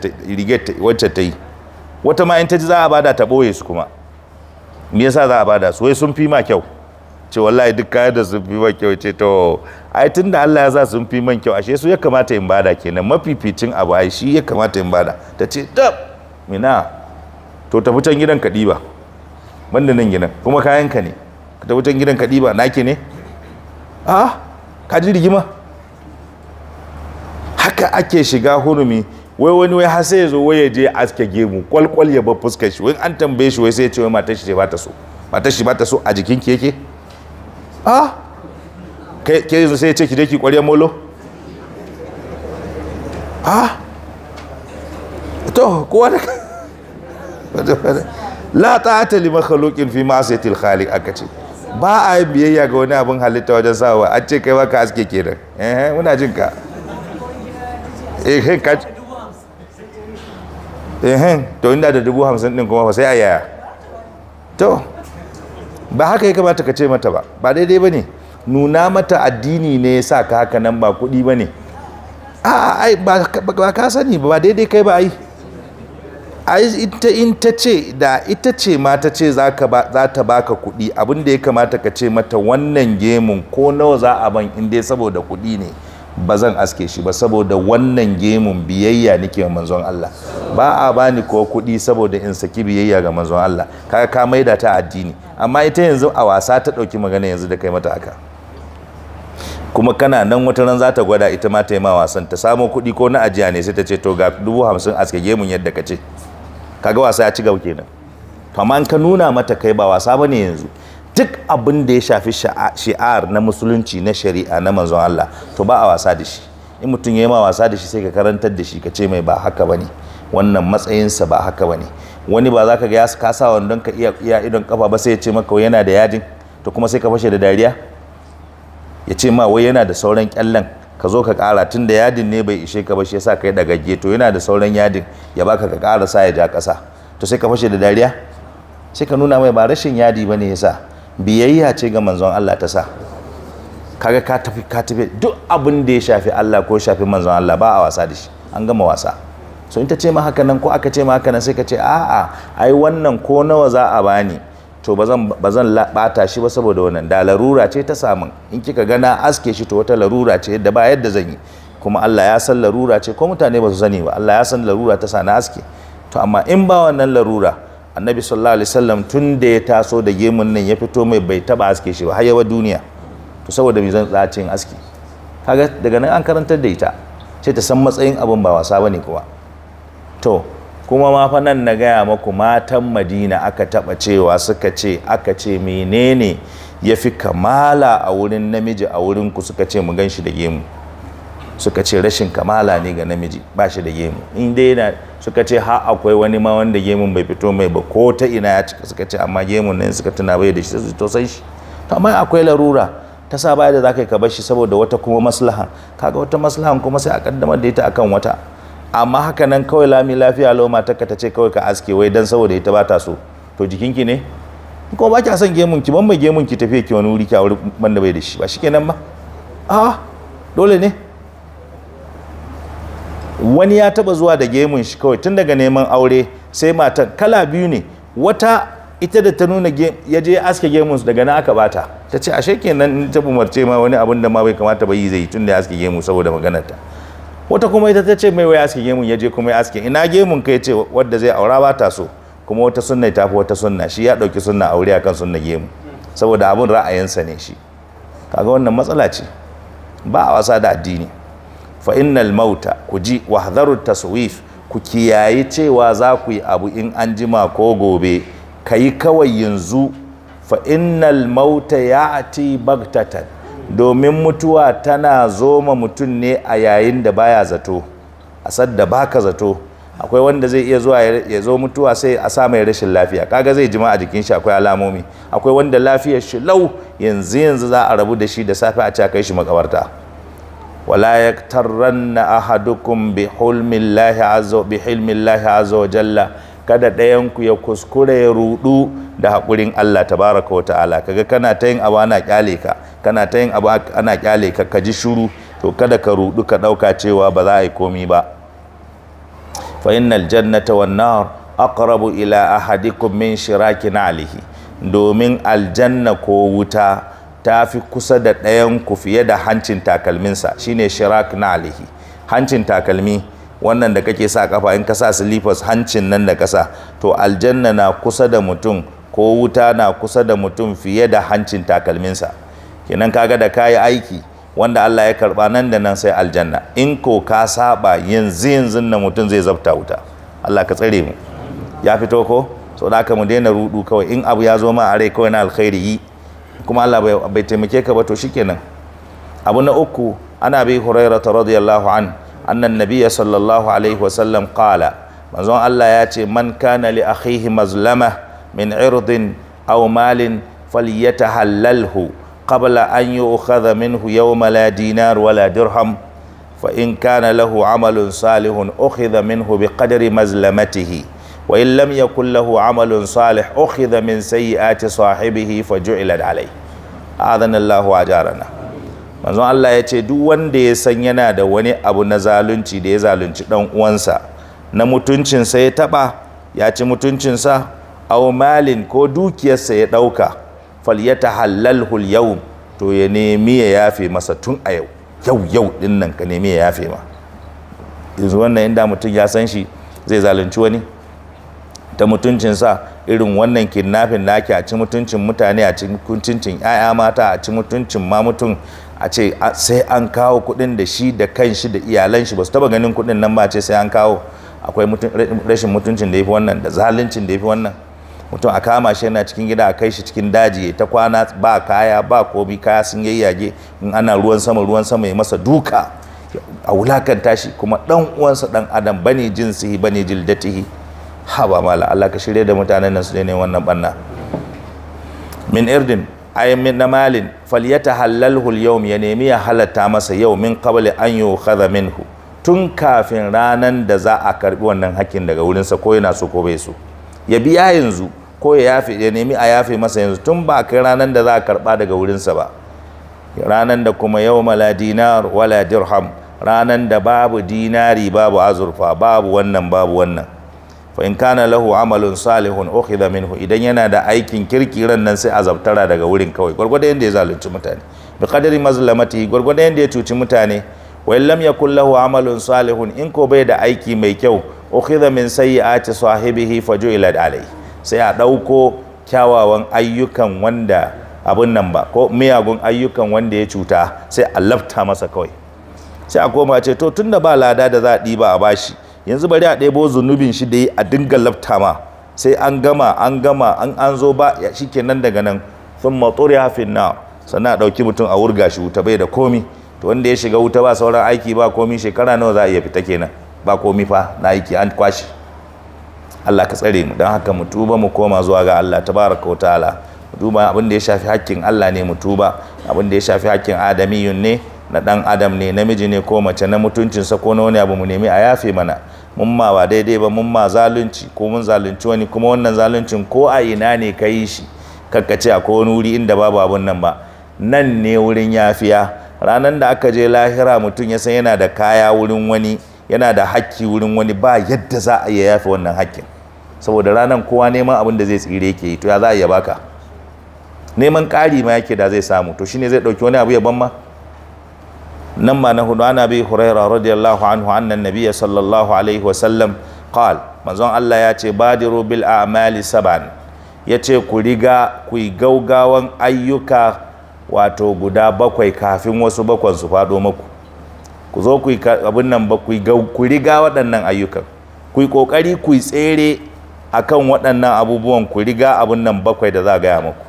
ta yi wata ma in ta ji za a bada ta ɓoye su kuma me yasa za a bada su wai sun fi ma kyau ce wallahi duk kayan da sun fi ma kyau ce to ai tun da Allah ya sa sun fi man kyau ashe su ya kamata in bada kenan mafificin abu ai shi ya kamata in bada ta ce dab mina to tafi can gidan ka ɗiba banda nan gidan kuma kayan ka ne ka ta wutan gidan ka ɗiba naki ne a ka ji rigima haka ake shiga hurumi wai wani wai har sai ya zo wai ya je aske gemu kwalkwal ya bar fuskar shi wai an tambaye shi wai sai ya ce wai matar shi ba ta so matar shi ba ta so a jikin ki yake a ke yanzu sai ya ce ki je ki kwarya molo a to kowa da la ta li makhluqin fi ma'siyatil khaliq aka ce ba a yi biyayya ga wani abin halitta wajen sawa a ce kai baka aske kenan eh muna jin ka eh eh ka eh to inda da dubu hamsin din kuma fa sai a yaya to ba haka ya kamata ka ce mata ba ba daidai ba ne nuna mata addini ne ya sa ka haka nan ba kuɗi ba ne a ai ba ka sani ba daidai kai ba ai ita in ta ce da ita ce ma ta ce za ta baka kuɗi abin da ya kamata ka ce mata wannan gemun ko nawa za a ban in dai saboda kuɗi ne ba zan aske shi ba saboda wannan gemun biyayya nake manzon Allah ba a bani ko kuɗi saboda in saki biyayya ga manzon Allah kaga ka maida ta addini amma ita yanzu a wasa ta ɗauki magana yanzu da kai mata haka kuma kana nan wata ran za gwada ita ma ta yi ma wasan ta samo kuɗi ko na ajiya ne sai ta ce to ga dubu hamsin aske gemun yadda ka ce kaga wasa ya ci gaba kenan to amma ka nuna mata kai ba wasa bane yanzu duk abin da ya shafi shi'ar na musulunci na shari'a na manzon Allah to ba a wasa da shi in mutum ya yi ma wasa da shi sai ka karantar da shi ka ce mai ba haka bane wannan matsayinsa ba haka bane wani ba za ka ga ya kasa wandon ka iya idon kafa ba sai ya ce maka yana da yajin to kuma sai ka fashe da dariya ya ce ma wai yana da sauran kyallan ka zo ka kara tun da yadin ne bai ishe ka ba shi yasa kai daga to yana da sauran yadin ya baka ka kara sa ya ja kasa to sai ka fashe da dariya sai ka nuna mai ba rashin yadi bane yasa biyayya ce ga manzon Allah ta sa kaga ka tafi ka tafi duk abin da ya shafi Allah ko shafi manzon Allah ba a wasa da shi an gama wasa so in ta ce ma haka nan ko aka ce ma haka nan sai ka ce a'a ai wannan ko nawa za a bani to ba zan bata shi ba saboda wannan da larura ce ta samun in kika gana aske shi to wata larura ce da ba yadda zan yi kuma Allah ya san larura ce ko mutane ba su sani ba Allah ya san larura ta sana aske to amma in ba wannan larura annabi sallallahu alaihi wasallam tun da ya taso da gemun nan ya fito mai bai taba aske shi ba har yawa duniya to saboda bai zan tsacin aski kaga daga nan an karantar da ita ce ta san matsayin abun ba wasa bane kuwa to kuma ma nan na gaya maku matan madina aka taba cewa suka ce aka ce menene ya fi kamala a wurin namiji a wurinku suka ce mu gan da gemu suka ce rashin kamala ne ga namiji ba shi da gemu in dai yana suka ce ha akwai wani ma wanda gemun bai fito mai ba ko ta ina ya cika suka ce amma gemun nan suka tuna bai da shi su to san shi to amma akwai larura ta sa baya da zakai ka bar shi saboda wata kuma maslaha kaga wata maslahan kuma sai a kaddamar da ita akan wata amma haka nan kawai lami lafiya lau matarka ta ce kawai ka aske wai dan saboda ita ba ta so to jikinki ne ko ba kya son gemun ki ban mai gemun ki tafiye ki wani wuri ki a wuri banda bai da shi ba shikenan ba a dole ne wani ya taba zuwa da gemun shi kawai tun daga neman aure sai matan kala biyu ne wata ita da ta nuna ya je aske gemun su daga na aka bata ta ce ashe kenan ta umarce ma wani abin da ma bai kamata ba yi zai tun da aske gemu saboda maganar ta wata kuma ita ta ce mai waya aske gemun ya je kuma ya aske ina gemun kai ce wadda zai aura ba ta so kuma wata sunna ta fi wata sunna shi ya ɗauki sunna aure akan sunna gemu saboda abin ra'ayinsa ne shi kaga wannan matsala ce ba a wasa da addini fa innal mauta ku ji wahdharu taswif ku kiyaye cewa za ku yi abu in an jima ko gobe kayi kawai yanzu fa innal mauta ya'ti bagtatan domin mutuwa tana zoma mutum ne a yayin da baya zato a sadda baka zato akwai wanda zai iya zuwa ya zo mutuwa sai a sa mai rashin lafiya kaga zai jima a jikin shi akwai alamomi akwai wanda lafiyar shi lau yanzu yanzu za a rabu da shi da safe a cakai shi makabarta wala ya ahadukum bi hulmillahi azza bi lahi azza wa jalla kada ɗayan ku ya kuskure ya rudu da hakurin Allah tabaraka wa ta'ala kaga kana ta yin awa na kyale ka kana ta yin abu ana kyale ka ka ji shuru to kada ka rudu ka dauka cewa ba za a yi komi ba fa innal jannata wan nar aqrabu ila ahadikum min shirakin alihi domin aljanna ko wuta ta fi kusa da ɗayan ku fiye da hancin takalminsa shine shirak na alihi hancin takalmi wannan da kake sa kafa in ka sa silifas hancin nan da kasa to aljanna na kusa da mutum ko wuta na kusa da mutum fiye da hancin takalminsa kenan kaga da kayi aiki wanda Allah ya karba nan da nan sai aljanna in ko ka saba yanzu yanzu na mutum zai zabta wuta Allah ka tsare mu ya fito ko so da ka mu daina rudu kawai in abu ya zo ma a rai kawai na alkhairi yi kuma Allah bai taimake ka ba to shikenan abu na uku ana bi hurairah radiyallahu an annan nabiyya sallallahu alaihi wasallam qala manzon Allah ya ce man kana li akhihi mazlama min irdin aw malin falyatahallalhu qabla an yu'khadha minhu yawma la wala dirham fa in kana lahu amalun salihun ukhidha minhu biqadri mazlamatihi wa ya lam yakul lahu amalun salih ukhidha min sayyiati sahibihi fa ju'ilat alayhi adana Allah wa jarana manzon Allah ya ce duk wanda ya san yana da wani abu na zalunci da ya zalunci dan uwansa na mutuncinsa ya taba ya ci mutuncinsa aw malin ko dukiyarsa ya dauka falyata hul yau to ya nemi ya yafe masa tun a yau yau yau din nan ka nemi ya yafe ma yanzu wannan inda mutum ya san shi zai zalunci wani ta mutuncin sa irin wannan kidnapping naki a ci mutuncin mutane a ci 'ya'ya mata a ci mutuncin ma mutum a ce sai an kawo kuɗin da shi da kan shi da iyalan shi ba su taba ganin kuɗin nan ba ce sai an kawo akwai rashin mutuncin da ya fi wannan da zaluncin da ya fi wannan mutum a kama shi yana cikin gida a kai shi cikin daji ta kwana ba kaya ba komi kaya sun yayyage in ana ruwan sama ruwan sama ya masa duka a wulakanta shi kuma dan uwansa dan adam bane jinsihi bane jildatihi ha ba mala Allah ka shirye da mutanen nan su ne wannan banna min irdin ay min namalin falyatahallalhu al-yawm ya nemi ya halatta masa yau min qabli an yukhadha minhu tun kafin ranan da za a karbi wannan hakkin daga sa ko yana so ko bai so ya biya yanzu ko ya yafe ya nemi a yafe masa yanzu tun ba kai ranar da za a karɓa daga wurinsa ba ranar da kuma yau mala dinar wala dirham ranar da babu dinari babu azurfa babu wannan babu wannan fa in kana lahu amalun salihun ukhidha minhu idan yana da aikin kirkiran nan sai azabtara daga wurin kawai gurgurda yanda ya zalunci mutane bi qadari mazlamati gurgurda yanda ya cuci mutane wa in lam yakul lahu amalun salihun in ko bai da aiki mai kyau ukhidha min sayyi'ati sahibihi faju'ilat alayhi sai a ɗauko kyawawan ayyukan wanda abin nan ba ko miyagun ayyukan wanda ya cuta sai a lafta masa kawai sai a koma ce to da ba lada da za a ɗiba a bashi yanzu bari a ɗebo zunubin shi da yi a dinga lafta ma sai an gama an gama an an zo ba ya nan daga nan sun matsuri hafin na sannan a ɗauki mutum a wurga shi wuta bai da komi to wanda ya shiga wuta ba sauran aiki ba komi shekara nawa za a iya fita kenan ba komi fa na aiki an kwashi Allah ka tsare mu don haka mu tuba mu koma zuwa ga Allah tabaraka wa ta'ala mu duba abin da ya shafi hakkin Allah ne mu tuba abin da ya shafi hakkin adamiyun ne na dan adam ne namiji ne ko mace na mutuncinsa ko na wani abu mu nemi a yafe mana mun ma ba daidai ba mun ma zalunci ko mun zalunci wani kuma wannan zaluncin ko a ina ne ka yi shi kakkace a ko wani wuri inda babu abun nan ba nan ne wurin yafiya ranar da aka je lahira mutum ya san yana da kaya wurin wani yana da hakki wurin wani ba yadda za a iya yafe wannan haƙƙin saboda ranar kowa neman abin da zai tsire yake yi to ya za a iya baka neman ƙari ma yake da zai samu to shine zai ɗauki wani abu ya ban ma nan ma na hudu ana bi huraira radiyallahu anhu annan nabiyya sallallahu alaihi wa sallam qal manzon Allah ya ce badiru bil a'mali saban ya ce ku riga ku yi gaugawan ayyuka wato guda bakwai kafin wasu bakwan su faɗo maku ku zo ku yi abin nan ba ku riga waɗannan ayyukan ku yi ƙoƙari ku tsere a kan waɗannan abubuwan ku riga abin nan bakwai da za a gaya maku.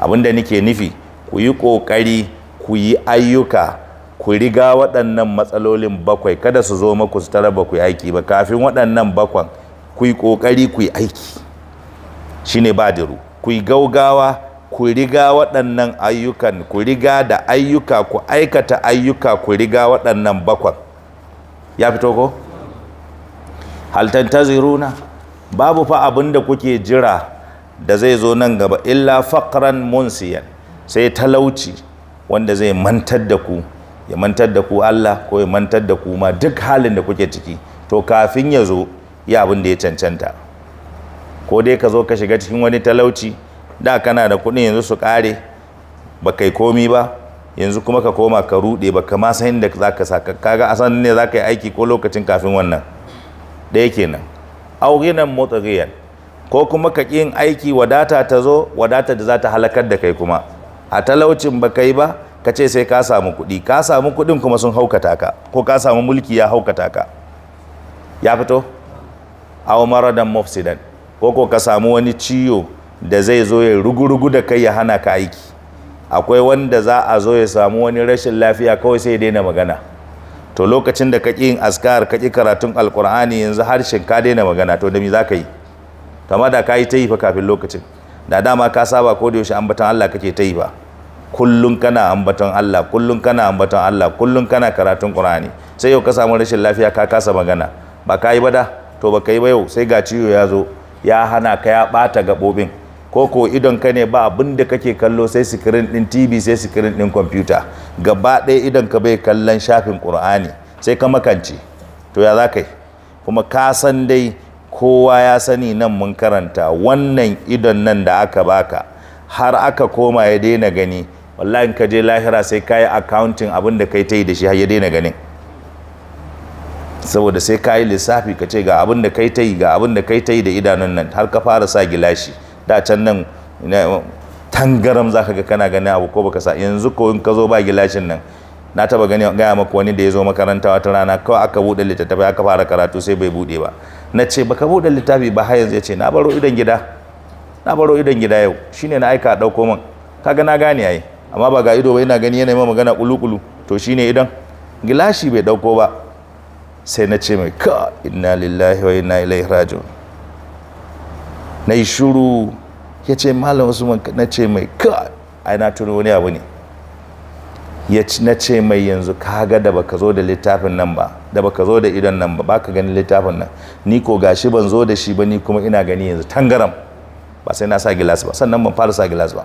abin da nake nufi ku yi ƙoƙari ku yi ayyuka ku riga waɗannan matsalolin bakwai kada su zo maku su tara ba ku aiki ba kafin waɗannan bakwan ku yi ƙoƙari ku yi aiki shine badiru ku yi gaugawa ku riga waɗannan ayyukan ku riga da ayyuka ku aikata ayyuka ku riga waɗannan bakwan ya fito ko ziruna babu fa abin da kuke jira da zai zo nan gaba illa faqran munsiyan sai talauci wanda zai mantar da ku ya mantar da ku Allah ko ya mantar da ku ma duk halin da kuke ciki to kafin ya zo ya abin da ya cancanta ko dai ka zo ka shiga cikin wani talauci da kana da kuɗin yanzu su kare ba kai komi ba yanzu kuma ka koma ka ruɗe ba kama san inda za ka saka kaga san ne za ka yi aiki ko lokacin kafin wannan ɗaya kenan auginan motsagiyan ko kuma ka ƙin aiki wadata ta zo wadata da za ta halakar da kai kuma a talaucin ba kai ba ka ce sai ka samu kuɗi ka samu kuɗin kuma sun haukata ka ko ka samu mulki ya haukata ka ya fito aw maradan mafsidan ko ko ka samu wani ciwo da zai zo ya rugurugu da kai ya hana ka aiki akwai wanda za a zo ya samu wani rashin lafiya kawai sai ya daina magana to lokacin da ƙi yin askar kaki karatun alkur'ani yanzu harshen ka daina magana to da za ka yi kama da ka yi ta yi fa kafin lokacin da dama ka saba ko da yaushe ambaton Allah kake ta yi ba kullun kana ambaton Allah kullun kana ambaton Allah kullun kana karatun Qur'ani sai yau ka samu rashin lafiya ka kasa magana ba ka yi ba da to ba ka yi ba yau sai ga ciwo ya zo ya hana ka ya bata gabobin koko idon ka ne ba abin da kake kallo sai sikirin din tv sai sikirin din kwamfuta gaba ɗaya idon ka bai kallon shafin ƙur'ani sai ka makance to ya za kai kuma ka san dai kowa ya sani nan mun karanta wannan idon nan da aka baka har aka koma ya daina gani wallahi ka je lahira sai ka yi accounting abin da kai ta yi da shi ya daina ganin saboda sai ka yi lissafi ka ce ga abin da kai ta ga abin da kai ta yi da idanun nan har ka fara sa gilashi da can nan tangaram za ka ga kana gani abu ko baka sa yanzu ko in ka zo ba gilashin nan na taba gani gaya maka wani da ya zo makaranta wata rana kawai aka buɗe littattafai aka fara karatu sai bai buɗe ba na ce baka buɗe littafi ba har yanzu ya ce na baro idan gida na baro idan gida yau shine na aika a ɗauko min kaga na gane yayi amma ba ga ido ba ina gani yana ma magana kulukulu to shine idan gilashi bai ɗauko ba sai na ce mai ka inna lillahi wa inna ilaihi raji'un na yi shuru ya ce malam usman na ce mai ka ai na turo wani abu ne ya na ce mai yanzu kaga da baka zo da littafin nan ba da baka zo da idon nan ba baka gani littafin nan ni ko gashi ban zo da shi ba ni kuma ina gani yanzu tangaram ba sai na sa gilas ba sannan ban fara sa gilas ba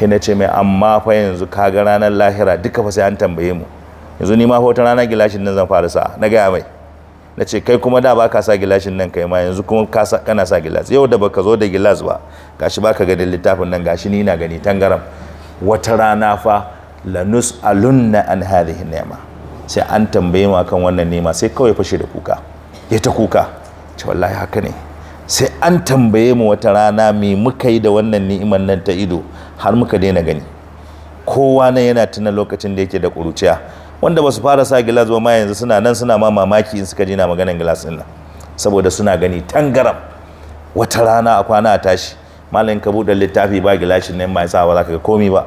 sai na ce mai amma fa yanzu kaga ranar lahira duka fa sai an tambaye mu yanzu ni ma fa wata ranar gilashin nan zan fara sa na gaya mai na ce kai kuma da ba ka sa gilashin nan kai ma yanzu kuma kana sa gilas yau da baka zo da gilas ba gashi baka gani ganin littafin nan gashi ni na gani tangaram wata rana fa lanus alunna an hadhihi ni'ma sai an tambaye mu akan wannan nema sai kawai fashe da kuka ya ta kuka ce wallahi haka ne sai an tambaye mu wata rana me muka yi da wannan ni'imar nan ta ido har muka daina gani kowa na yana tuna lokacin da yake da ƙuruciya wanda ba su fara sa gilas ba ma yanzu suna nan suna ma mamaki in suka jina maganan gilas din nan saboda suna gani tangaram wata rana a kwana a tashi malamin ka buɗe littafi ba gilashin nan ma sa ba za ka ga komi ba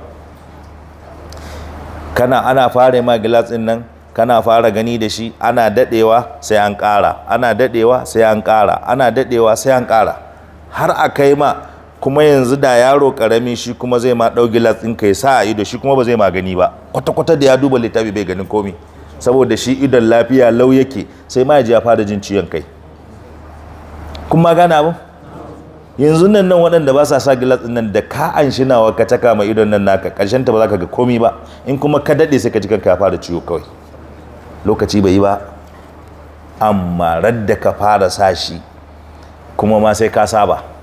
kana ana fara ma gilas din nan kana fara gani da shi ana dadewa sai an ƙara ana dadewa sai an kara. ana dadewa sai an ƙara har a kai ma kuma yanzu da yaro karami shi kuma zai ma ɗauki gilas ɗin kai sa a ido shi kuma ba zai ma gani ba kwata-kwata da ya duba littafi bai ganin komi saboda shi idon lafiya lau yake sai ma ya fara jin ciwon kai kun ma ba? yanzu nan nan waɗanda ba sa sa gilas ɗin nan da ka an shi nawa ka taka ma idon nan naka ƙarshen ta ba za ka ga komi ba in kuma ka daɗe sai ka ji kanka ya fara ciwo kawai lokaci bai yi ba amma radda ka fara sa shi kuma ma sai ka saba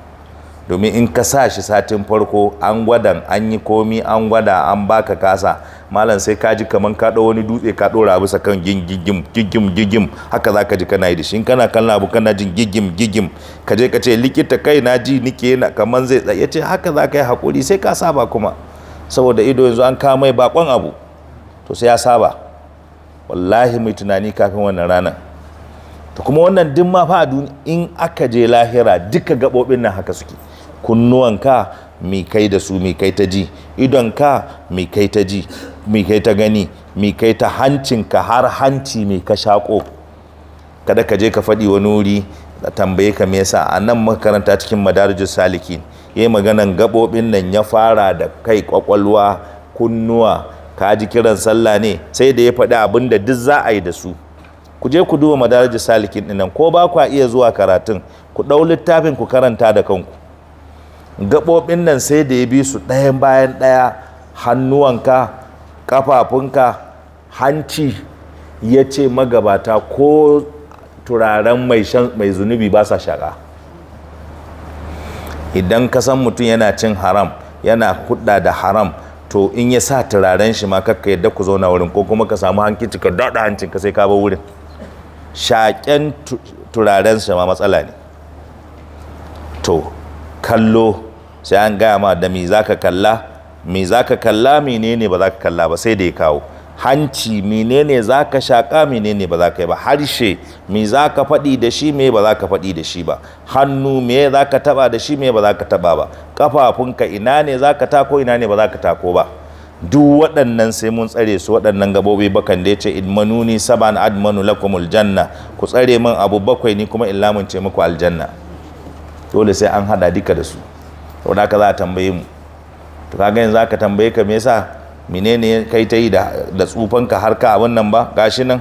domin in ka sa shi satin farko an gwadan an yi komi an gwada an baka kasa malam sai ka ji kaman ka wani dutse ka ɗora bisa kan gigim gigim gigim haka za ka ji kana yi da shi kana kan abu kana jin gigim gigim ka je ka ce likita kai na ji nike na kaman zai tsaye ce haka za ka yi haƙuri sai ka saba kuma saboda ido yanzu an kama mai bakon abu to sai ya saba wallahi mai tunani kafin wannan ranar to kuma wannan duk ma fa in aka je lahira duka gaɓoɓin nan haka suke kunnuwanka mi kai da su mi kai ta ji idonka mi kai ta ji mi kai ta gani mi kai ta hancinka har hanci mi ka shaƙo kada ka je ka faɗi wani wuri tambaye ka me yasa a nan makaranta cikin madarijus salikin yi maganan gaɓoɓin nan ya fara da kai kwakwalwa kunnuwa ka ji kiran sallah ne sai da ya faɗi abin da duk za a yi da su ku je ku duba madarajar salikin ɗinan ko ba kwa iya zuwa karatun ku ɗau littafin ku karanta da kanku gaɓoɓin nan sai da ya bi su ɗayan bayan ɗaya hannuwanka ƙafafunka hanci ya ce magabata ko turaren mai zunubi ba sa shaƙa idan ka san mutum yana cin haram yana hudda da haram to in ya sa turaren shi ma kakka yadda ku zauna wurin ko kuma ka samu hankici ka daɗa hancin ka sai ka ba wurin shaƙen turaren shi ma matsala ne to kallo sai an gaya ma da me za ka kalla me za ka kalla menene ba za ka kalla ba sai da ya kawo hanci menene za ka shaƙa menene ba za ka yi ba harshe me za ka faɗi da shi me ba za ka faɗi da shi ba hannu me za ka taɓa da shi me ba za ka taɓa ba ƙafafunka ina ne za ka tako ina ne ba za ka tako ba duk waɗannan sai mun tsare su waɗannan gabobi bakan da ya ce idmanuni saban admanu lakumul janna ku tsare min abu bakwai ni kuma in ce muku aljanna dole sai an hada duka da su da ka za a tambaye mu to kaga yanzu aka tambaye ka me yasa menene kai ta yi da da ka har ka abin nan ba gashi nan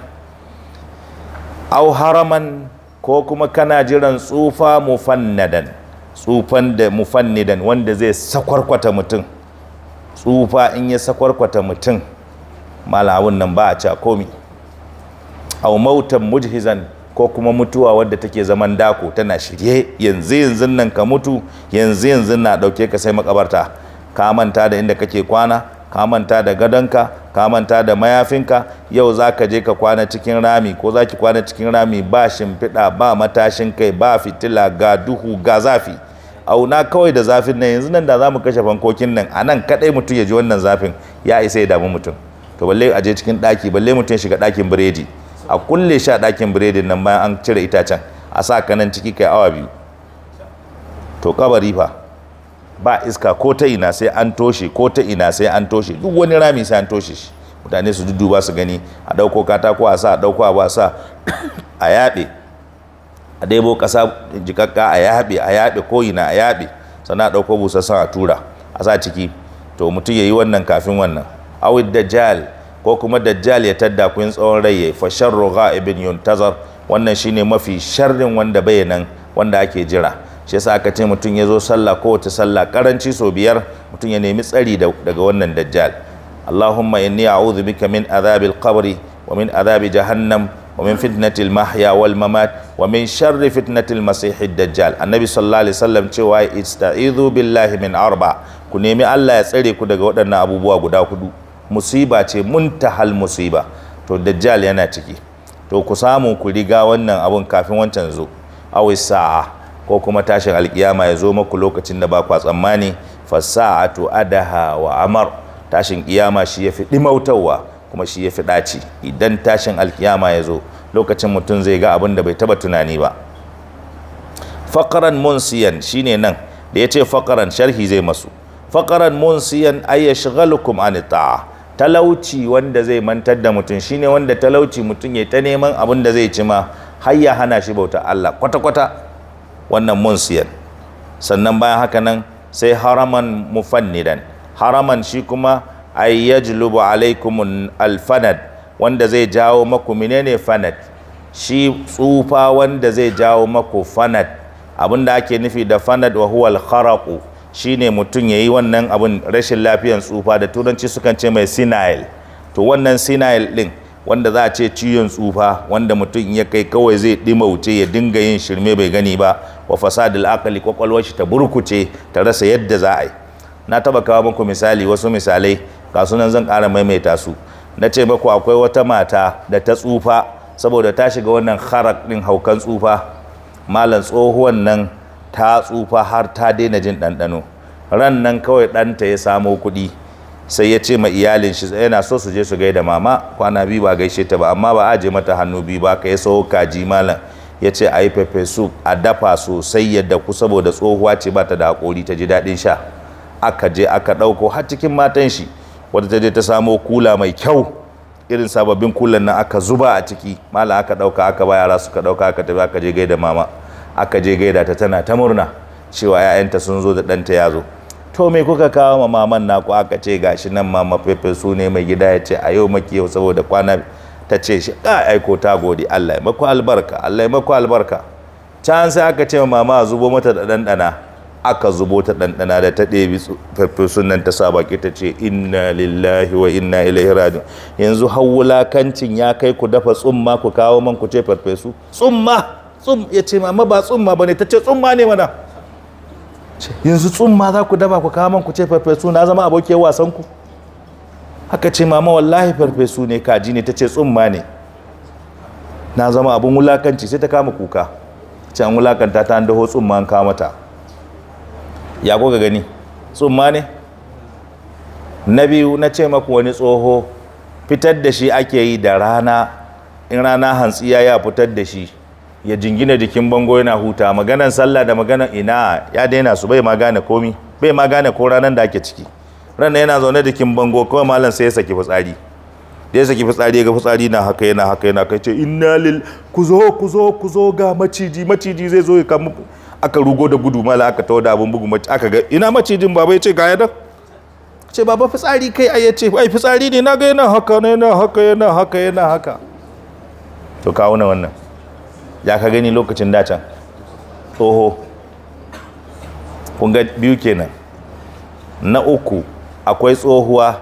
au haraman ko kuma kana jiran tsufa mufannadan tsufan da mufannidan wanda zai sakwarkwata mutum tsufa in ya sakwarkwata mutum malawun nan ba a ca komi au mautan mujhizan ko kuma mutuwa wadda take zaman dako tana shirye yanzu yanzu nan ka mutu yanzu yanzu na ɗauke ka sai makabarta ka manta da inda kake kwana ka manta da gadonka ka manta da mayafinka yau za ka je ka kwana cikin rami ko za ki kwana cikin rami ba shimfiɗa ba matashin kai ba fitila ga duhu ga zafi auna kawai da zafin nan yanzu nan da za mu kashe fankokin nan a nan kaɗai mutum ya ji wannan zafin ya isa ya damu mutum to balle a je cikin ɗaki balle mutum ya shiga ɗakin biredi a kulle shi a ɗakin biredin nan bayan an cire itacen a sa ka nan ciki kai awa biyu to kabari fa ba iska ko ta ina sai an toshe ko ta ina sai an toshe duk wani rami sai an toshe shi mutane su dudduba su gani a ɗauko katako a sa a ɗauko abu a sa a yaɓe a daibo ƙasa jikakka a yaɓe a yaɓe ko ina a yaɓe sannan a ɗauko busassan a tura a sa ciki to mutum ya yi wannan kafin wannan awid jal. ko kuma dajjal ya tadda ku tsawon rai ya fa sharru ibn yuntazar wannan shine mafi sharrin wanda bai nan wanda ake jira shi yasa aka ce mutum ya zo sallah wata sallah karanci sau biyar mutum ya nemi tsari daga wannan dajjal allahumma inni a'udhu bika min adhabil qabri wa min adhabi jahannam wa min fitnatil mahya wal mamat wa min sharri fitnatil masihid dajjal annabi sallallahu alaihi wasallam cewa ista'idhu billahi min arba ku nemi Allah ya tsare ku daga waɗannan abubuwa guda hudu musiba ce muntahal musiba to dajjal yana ciki to ku samu ku riga wannan abun kafin wancan zo awai sa'a ko kuma tashin alkiyama ya zo maku lokacin da ba kwa tsammani fasa'atu adaha wa amar tashin kiyama shi ya fi ɗimautarwa kuma shi ya fi ɗaci idan tashin alkiyama ya zo lokacin mutum zai ga abin da bai taba tunani ba fakaran munsiyan shine nan da ya ce fakaran sharhi zai masu fakaran munsiyan ay yashghalukum an ta'a talauci wanda zai mantar da mutum shine wanda talauci mutum ya ta neman abin da zai cima ma har ya hana shi bauta Allah kwata-kwata wannan munsiyan sannan bayan haka nan sai haraman mufannidan haraman shi kuma ay yajlubu alaikum alfanad wanda zai jawo maku menene fanad shi tsufa wanda zai jawo maku fanad abin da ake nufi da fanad wa huwa al shine mutum ya yi wannan abin rashin lafiyan tsufa da turanci sukan ce mai senile to wannan senile ɗin wanda za a ce ciyon tsufa wanda mutum ya kai kawai zai ɗimauce ya dinga yin shirme bai gani ba wa fasadil akali kwakwalwa shi ta burkuce ta rasa yadda za a yi na taba kawo muku misali wasu misalai ga sunan zan ƙara maimaita su na ce maku akwai wata mata da ta tsufa saboda ta shiga wannan harak ɗin haukan tsufa malam tsohuwan nan ta tsufa har ta daina jin ɗanɗano ran nan kawai ɗanta ya samo kuɗi sai ya ce ma iyalin shi yana so su je su gaida mama kwana biyu ba gaishe ta ba amma ba a je mata hannu biyu ba ka ya sawo kaji malam ya ce a yi pepe su a dafa sosai yadda ku saboda tsohuwa ce ba ta da haƙori ta ji daɗin sha aka je aka ɗauko har cikin matan shi wata ta je ta samo kula mai kyau irin sababbin kulan nan aka zuba a ciki malam aka ɗauka aka ba yara suka ɗauka aka tafi aka je gaida mama aka je gaida ta tana ta murna cewa 'ya'yanta sun zo da ɗanta ya zo to me kuka kawo ma maman naku aka ce gashi nan mama fefe su ne mai gida ya ce a yau maki yau saboda kwana ta ce shi ka aiko ta gode Allah ya maku albarka Allah ya maku albarka can sai aka ce mama a zubo mata da ɗanɗana aka zubo ta ɗanɗana da ta ɗebi fefe sunan ta sa baki ta ce inna lillahi wa inna ilaihi raji'un yanzu hawwulakancin ya kai ku dafa tsumma ku kawo man ku ce farfesu tsumma tsum ya ce amma ba tsumma ba ne ta ce tsumma ne mana yanzu tsumma za ku dafa ku kama ku ce farfesu na zama abokin wasan ku aka ce mama wallahi farfesu ne kaji ne ta ce tsumma ne na zama abun wulakanci sai ta kama kuka ce an wulakanta ta an daho tsumma an kama ta ya ko ga gani tsumma ne na biyu na ce maku wani tsoho fitar da shi ake yi da rana in rana hantsi ya fitar da shi ya jingina jikin bango yana huta maganan sallah da maganan ina ya daina su bai ma gane komi bai ma gane ko ranar da ake ciki ranar yana zaune jikin bango kawai malam sai ya saki fitsari da ya saki fitsari ga fitsari na haka yana haka yana kai ce inna lil ku zo ku zo ku zo ga maciji maciji zai zo ya kamu aka rugo da gudu mala aka tawo da abun bugu mace aka ga ina macijin baba ya ce ga yadan ce baba fitsari kai ai ya ce ai fitsari ne na ga yana haka yana haka yana haka yana haka to kawo na wannan ya ka gani lokacin dacan tsoho kunga biyu kenan na uku akwai tsohuwa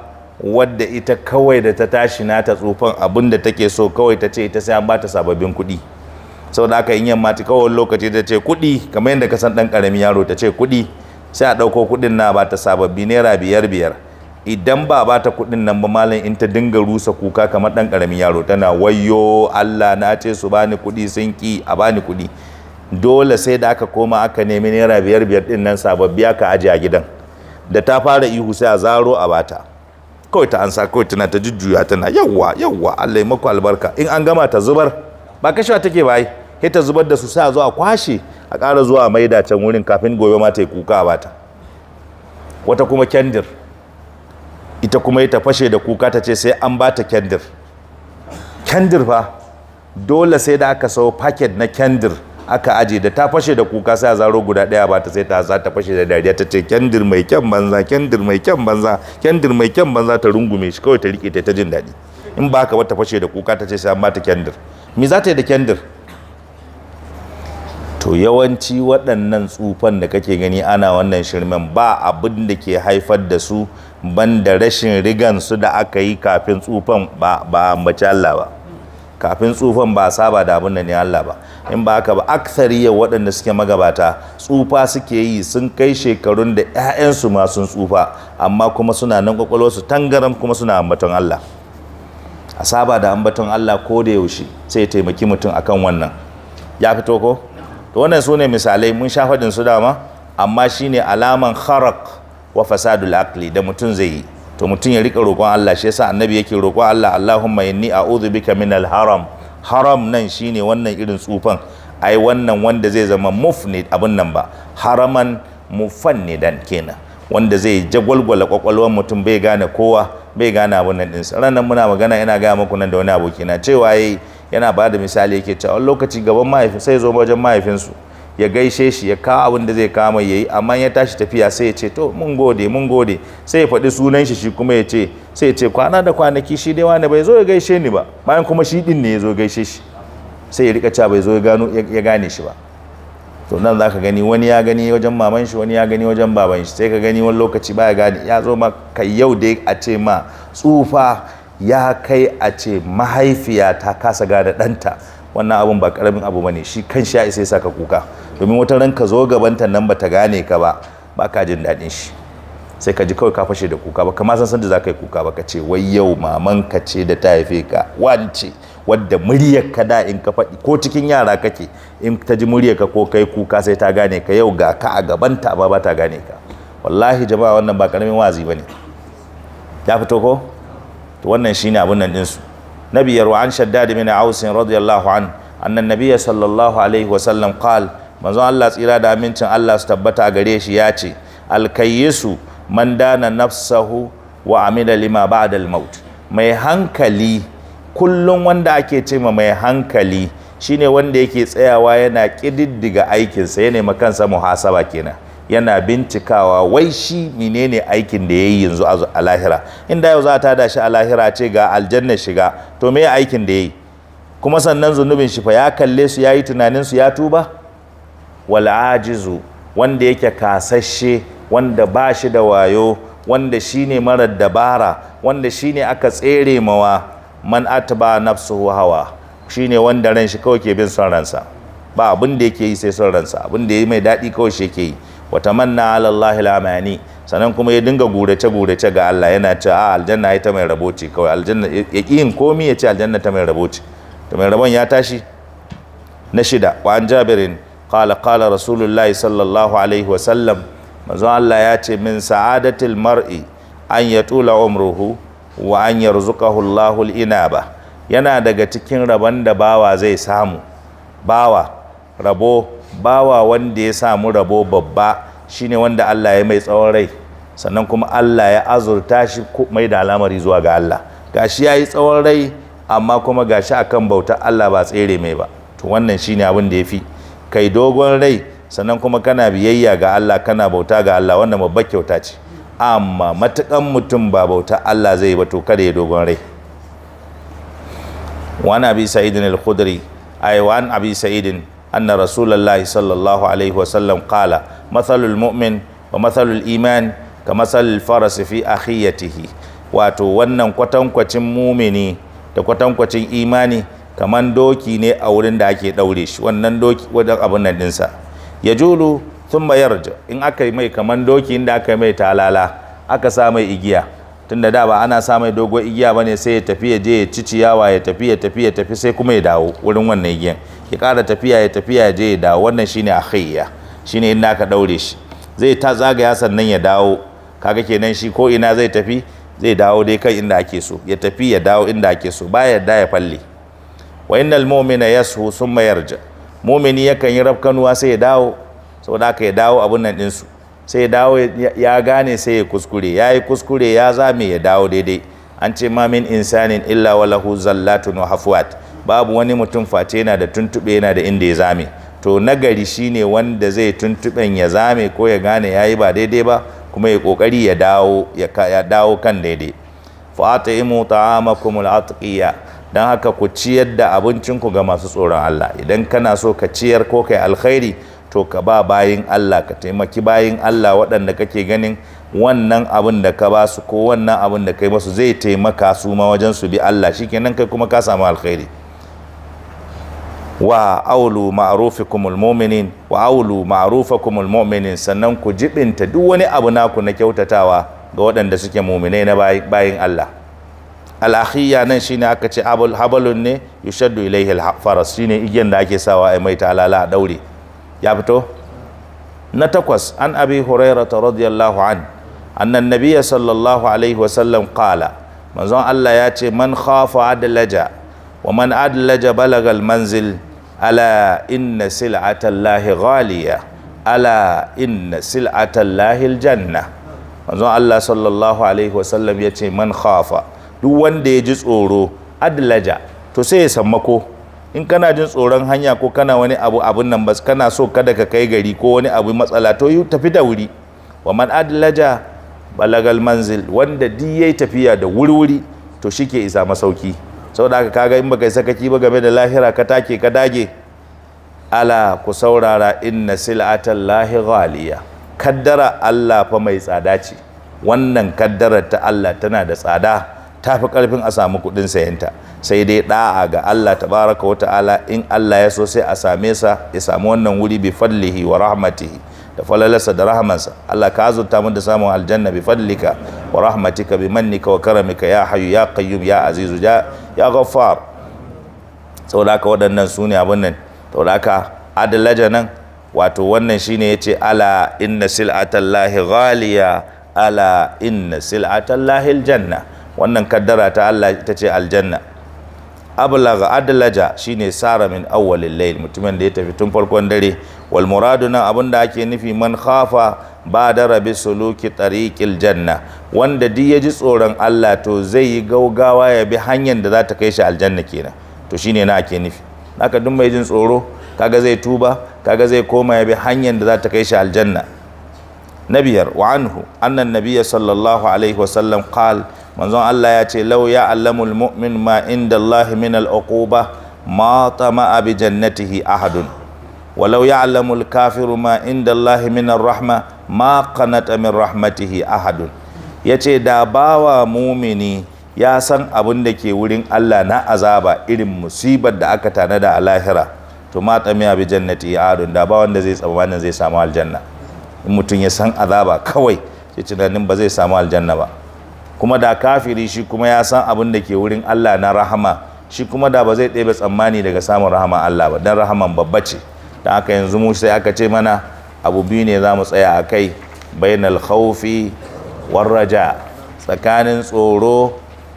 wadda ita kawai da ta tashi na ta tsufan abinda da take so kawai ta ce ita sai an bata sababbin kuɗi saboda aka yin yamma ta kawai lokaci ta ce kuɗi kamar yadda ka san ɗan ƙaramin yaro ta ce kuɗi sai a ɗauko kuɗin na bata sababbi naira biyar biyar idan ba ba ta kuɗin nan ba malam in ta dinga rusa kuka kamar dan karamin yaro tana wayo Allah na ce su bani kuɗi sun ki a bani kuɗi dole sai da aka koma aka nemi naira biyar biyar ɗin nan sababbi aka aje a gidan da ta fara ihu sai a zaro a bata kawai ta ansa kawai tana ta jujjuya tana yawwa yawwa Allah ya maku albarka in an gama ta zubar ba kashewa take ba sai ta zubar da su sai a zo a kwashe a ƙara zuwa maida can wurin kafin gobe ma ta yi kuka a bata wata kuma kyandir ita kuma ita fashe da kuka ta ce sai an ba ta kendir kendir fa dole sai da aka sau paket na kendir aka aje da ta fashe da kuka sai a zaro guda daya ba ta sai ta za ta fashe da dariya ta ce kendir mai kyan banza kendir mai kyan banza kendir mai kyan banza ta rungume shi kawai ta rike ta ta jin daɗi in ba ka wata fashe da kuka ta ce sai an ba ta kendir me za ta yi da kendir to yawanci waɗannan tsufan da kake gani ana wannan shirmen ba abin da ke haifar da su ban da rashin rigan su da aka yi kafin tsufan ba ba ambaci Allah ba kafin tsufan ba saba da abin da ne Allah ba in ba haka ba aksariya waɗanda suke magabata tsufa suke yi sun kai shekarun da 'ya'yansu ma sun tsufa amma kuma suna nan kwakwalwarsu tangaram kuma suna ambaton Allah a saba da ambaton Allah ko da yaushe sai taimaki mutum akan wannan ya fito ko to wannan su ne misalai mun sha faɗin su dama amma shine alaman kharaq wa fasadul aqli da mutum zai yi to mutum ya rika roƙon Allah shi yasa annabi yake roƙon Allah Allahumma inni a'udhu bika minal haram haram nan shine wannan irin tsufan ai wannan wanda zai zama mufnid abun nan ba haraman mufannidan kenan wanda zai jagwalgwala kwakwalwar mutum bai gane kowa bai gane abun nan ɗinsa ranar muna magana yana gaya muku nan da wani abokina cewa yayi yana bada da misali yake cewa lokaci gaban mahaifi sai zo wajen mahaifinsu ya gaishe shi ya kawo abin da zai kama ya yi amma ya tashi tafiya sai ya ce to mun gode mun gode sai ya faɗi sunan shi shi kuma ya ce sai ya ce kwana da kwanaki shi dai wani bai zo ya gaishe ni ba bayan kuma shi din ne ya zo gaishe shi sai ya rika cewa bai zo ya gane shi ba to nan za ka gani wani ya gani wajen maman shi wani ya gani wajen baban shi sai ka gani wani lokaci baya gane ya zo ma kai yau dai a ce ma tsufa ya kai a ce mahaifiya ta kasa gane ɗanta wannan abun ba karamin abu bane shi kan shi ya isa saka kuka domin wata ran ka zo ta nan bata gane ka ba ba ka jin daɗin shi sai ka ji kawai ka fashe da kuka ba kama san san da za ka yi kuka ba ka ce wai yau maman ka ce da ta haife ka wance wadda muryar ka da in ka faɗi ko cikin yara kake in ta ji muryar ka ko kai kuka sai ta gane ka yau ga ka a gaban ta ba ta gane ka wallahi jama'a wannan ba karamin wazi bane ya fito ko to wannan shine abun nan din su. na biyar wa an shaddad min radiyallahu an annan sallallahu alaihi wa sallam qal manzon Allah tsira da amincin Allah su tabbata gare shi ya ce alkayyisu man dana nafsahu wa amila lima ba'da al-maut mai hankali kullum wanda ake cema mai hankali shine wanda yake tsayawa yana ƙididdiga aikinsa yana makansa muhasaba kenan yana bincikawa wai shi menene aikin da ya yi yanzu a lahira In da yau za ta da shi a lahira ce ga aljanna shiga to me aikin da ya yi kuma sannan zunubin shi fa ya kalle su ya yi tunanin su ya tuba wal ajizu wanda yake kasashe wanda ba shi da wayo wanda shine marar dabara wanda shine aka tsere mawa man atba nafsuhu hawa shine wanda ran shi kawai ke bin son ransa ba abin da yake yi sai son ransa abin da ya mai daɗi kawai shi yake yi wata manna ala Allah lamani sannan kuma ya dinga gurace gurace ga Allah yana ah, ce a aljanna ita mai raboci kawai aljanna ya yin komi ya ce aljanna ta mai raboci. to mai rabon ya tashi na shida wa an jabirin qala qala rasulullahi sallallahu alaihi wa sallam manzo Allah ya ce min sa'adatil mar'i an yatula umruhu wa an yarzuqahu Allahul inaba yana daga cikin rabon da bawa zai samu bawa rabo bawa wanda ya samu rabo babba shine wanda Allah ya mai tsawon rai sannan kuma Allah ya azurta shi mai da alamari zuwa ga Allah gashi ya yi tsawon rai amma kuma gashi akan bauta Allah ba tsere mai ba to wannan shine abin da ya fi kai dogon rai sannan kuma kana biyayya ga Allah kana bauta ga Allah wannan babbar kyauta ce amma matukan mutum ba bauta Allah zai ba to kada ya dogon rai wani abi sa'idin al-khudri ay wani abi sa'idin أن رسول الله صلى الله عليه وسلم قال مثل المؤمن ومثل الإيمان كمثل الفرس في أخيته wato wannan kwatankwacin mumini da kwatankwacin imani kaman doki ne a wurin da ake daure shi wannan doki dinsa ya juru sun yarja in aka yi mai kaman doki inda aka yi mai talala aka sa mai igiya tunda da ba ana sa mai dogon igiya bane sai ya tafi ya je ya ci ciyawa ya tafi ya tafi ya tafi sai kuma ya dawo wurin wannan giyan. ya ƙara tafiya ya tafiya ya je ya dawo wannan shine akhiyya shine inda aka daure shi zai ta zagaya sannan ya dawo kaga kenan shi ko ina zai tafi zai dawo dai kai inda ake so ya tafi ya dawo inda ake so ba yarda ya falle wa innal mu'mina yashu summa yarja mu'mini yakan yi rafkanuwa sai ya dawo saboda haka ya dawo abun nan ɗinsu sai ya dawo ya gane sai ya kuskure ya yi kuskure ya zame ya dawo daidai an ce ma min insanin illa walahu zallatun wa hafuwat babu wani mutum face yana da tuntuɓe yana da inda ya zame to nagari shine wanda zai tuntuɓen ya zame ko ya gane ya yi ba daidai ba kuma ya ƙoƙari ya dawo ya dawo kan daidai fatimu ta'amakumul atqiya dan haka ku ciyar da abincin ku ga masu tsoron Allah idan kana so ka ciyar ko kai alkhairi to ka ba bayin Allah ka taimaki bayin Allah waɗanda kake ganin wannan abin da ka ba su ko wannan abin da kai masu zai taimaka su ma wajen su bi Allah shikenan kai kuma ka samu alkhairi wa aulu ma'rufikumul mu'minin wa aulu ma'rufakumul sannan ku jibinta duk wani abu naku na kyautatawa ga waɗanda suke mu'minai na bayin Allah al'akhiyya nan shine aka ce habalun ne yushaddu ilaihi faras shine igiyan da ake sawa a mai talala a daure na takwas an abi huraira ta radiyallahu an annan nabiyya sallallahu alaihi wasallam qala manzon Allah ya ce man khafa adlaja wa man adlaja balagal manzil ala inna sil'atallahi ghaliya ala inna sil'atallahi aljanna manzon Allah sallallahu alaihi wasallam ya ce man khafa duk wanda ya ji tsoro adlaja to sai ya sammako in kana jin tsoron hanya ko kana wani abu abun nan bas kana so kada ka kai gari ko wani abu matsala to yi tafi da wuri wa man adlaja balagal manzil wanda duk yayi tafiya da wuri-wuri to shike isa masauki saboda haka kaga in baka yi sakaci ba game da lahira ka take ka dage ala ku saurara inna sil'atan lahi ghaliya kaddara Allah fa mai tsada ce wannan kaddarar ta Allah tana da tsada ta fi ƙarfin a samu kuɗin sayanta sai dai da'a ga Allah tabaraka wa ta'ala in Allah ya so sai a same sa ya samu wannan wuri bi fadlihi wa rahmatihi da falalarsa da rahamansa Allah ka azurta da samun aljanna bi fadlika wa rahmatika bi mannika wa karamika ya hayyu ya qayyum ya azizu ya ya ghaffar saboda haka waɗannan su ne abin nan saboda haka adalaja nan wato wannan shine yace ala inna lahi ghaliya ala inna lahi aljanna wannan kaddara ta Allah ita ce aljanna ablaga adalaja shine sara min awwalil layl mutumin da ya tafi tun farkon dare wal muradu nan abin da ake nufi man khafa ba rabi suluki tariqil janna wanda duk ya ji tsoron Allah to zai yi gaugawa ya bi hanyar da za ta kai shi aljanna kenan to shine na ake nufi haka duk mai jin tsoro kaga zai tuba kaga zai koma ya bi hanyar da za ta kai shi aljanna na biyar wa anhu annan nabiyya sallallahu alaihi wasallam qal manzon Allah yace ce law ya allamul mu'min ma inda Allah min al uquba ma tama'a bi jannatihi ahadun ولو يعلم الكافر ما عند الله من الرحمة ما قنت من رحمته أحد yace da bawa mumini ya san abin da ke wurin Allah na azaba irin musibar da aka tanada a lahira to ma tsamiya bi jannati adun da ba wanda zai tsammanin zai samu aljanna in mutum ya san azaba kawai sai tunanin ba zai samu aljanna ba kuma da kafiri shi kuma ya san abin da ke wurin Allah na rahama shi kuma da ba zai ɗebe tsammani daga samun rahama Allah ba dan rahaman babba ce don aka yanzu mu sai aka ce mana abu biyu ne za mu tsaya a kai bainal khawfi warraja tsakanin tsoro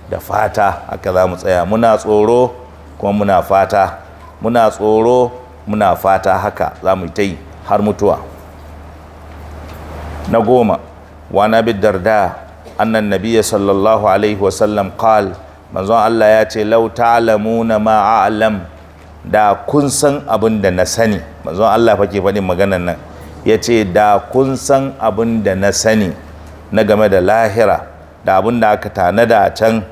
da fata haka za mu tsaya muna tsoro kuma muna fata muna tsoro muna fata haka za mu ta yi har mutuwa na goma wa na bi darda annan nabiya sallallahu alaihi wasallam qal manzon Allah ya ce lau ta'lamuna na a'lam da kun san abin da na sani manzon Allah fa ke faɗin maganan nan ya ce da kun san abin da na sani na game da lahira da abin da aka tanada a can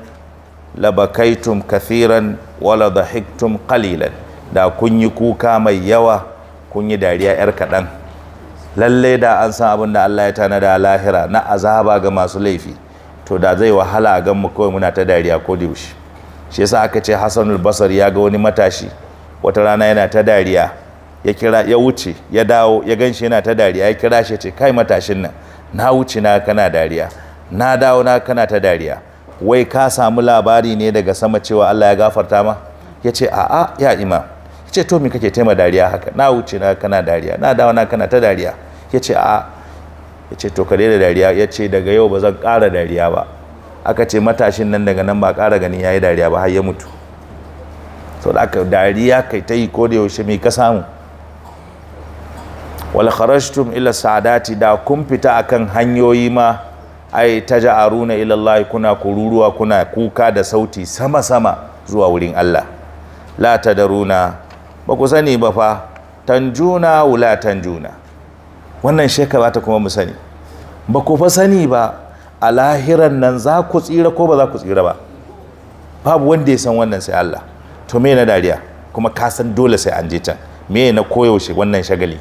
labakaitum kathiran wala dahiktum qalilan da kun yi kuka mai yawa kun yi dariya 'yar kaɗan lalle da an san abin da Allah ya tana da lahira na azaba ga masu laifi to da zai wahala a ganmu kawai muna ta dariya ko da yaushe shi yasa aka ce Hassanul Basar ya ga wani matashi wata rana yana ta dariya ya kira ya wuce ya dawo ya ganshi yana ta dariya ya kira shi ya ce kai matashin nan na wuce na kana dariya na dawo na kana ta dariya wai ka samu labari ne daga sama cewa Allah ya gafarta ma ya ce a'a ya imam ce to me kake taima dariya haka na wuce na kana dariya na dawo na kana ta dariya ya a ya to ka daina dariya ya daga yau ba zan ƙara dariya ba aka ce matashin nan daga nan ba ƙara ganin ya yi dariya ba har ya mutu to da aka dariya kai ta yi ko da yaushe me ka samu wal kharajtum ila sa'adati da kun fita akan hanyoyi ma ai taja'aruna ila Allah kuna kururuwa kuna kuka da sauti sama sama zuwa wurin Allah la tadaruna ba ku sani ba fa tanjuna wula tanjuna wannan shekara ta kuma mu sani ba ku fa sani ba a lahiran nan za ku tsira ko ba za ku tsira ba babu wanda ya san wannan sai Allah to me na dariya kuma ka san dole sai an je can me na koyaushe wannan shagali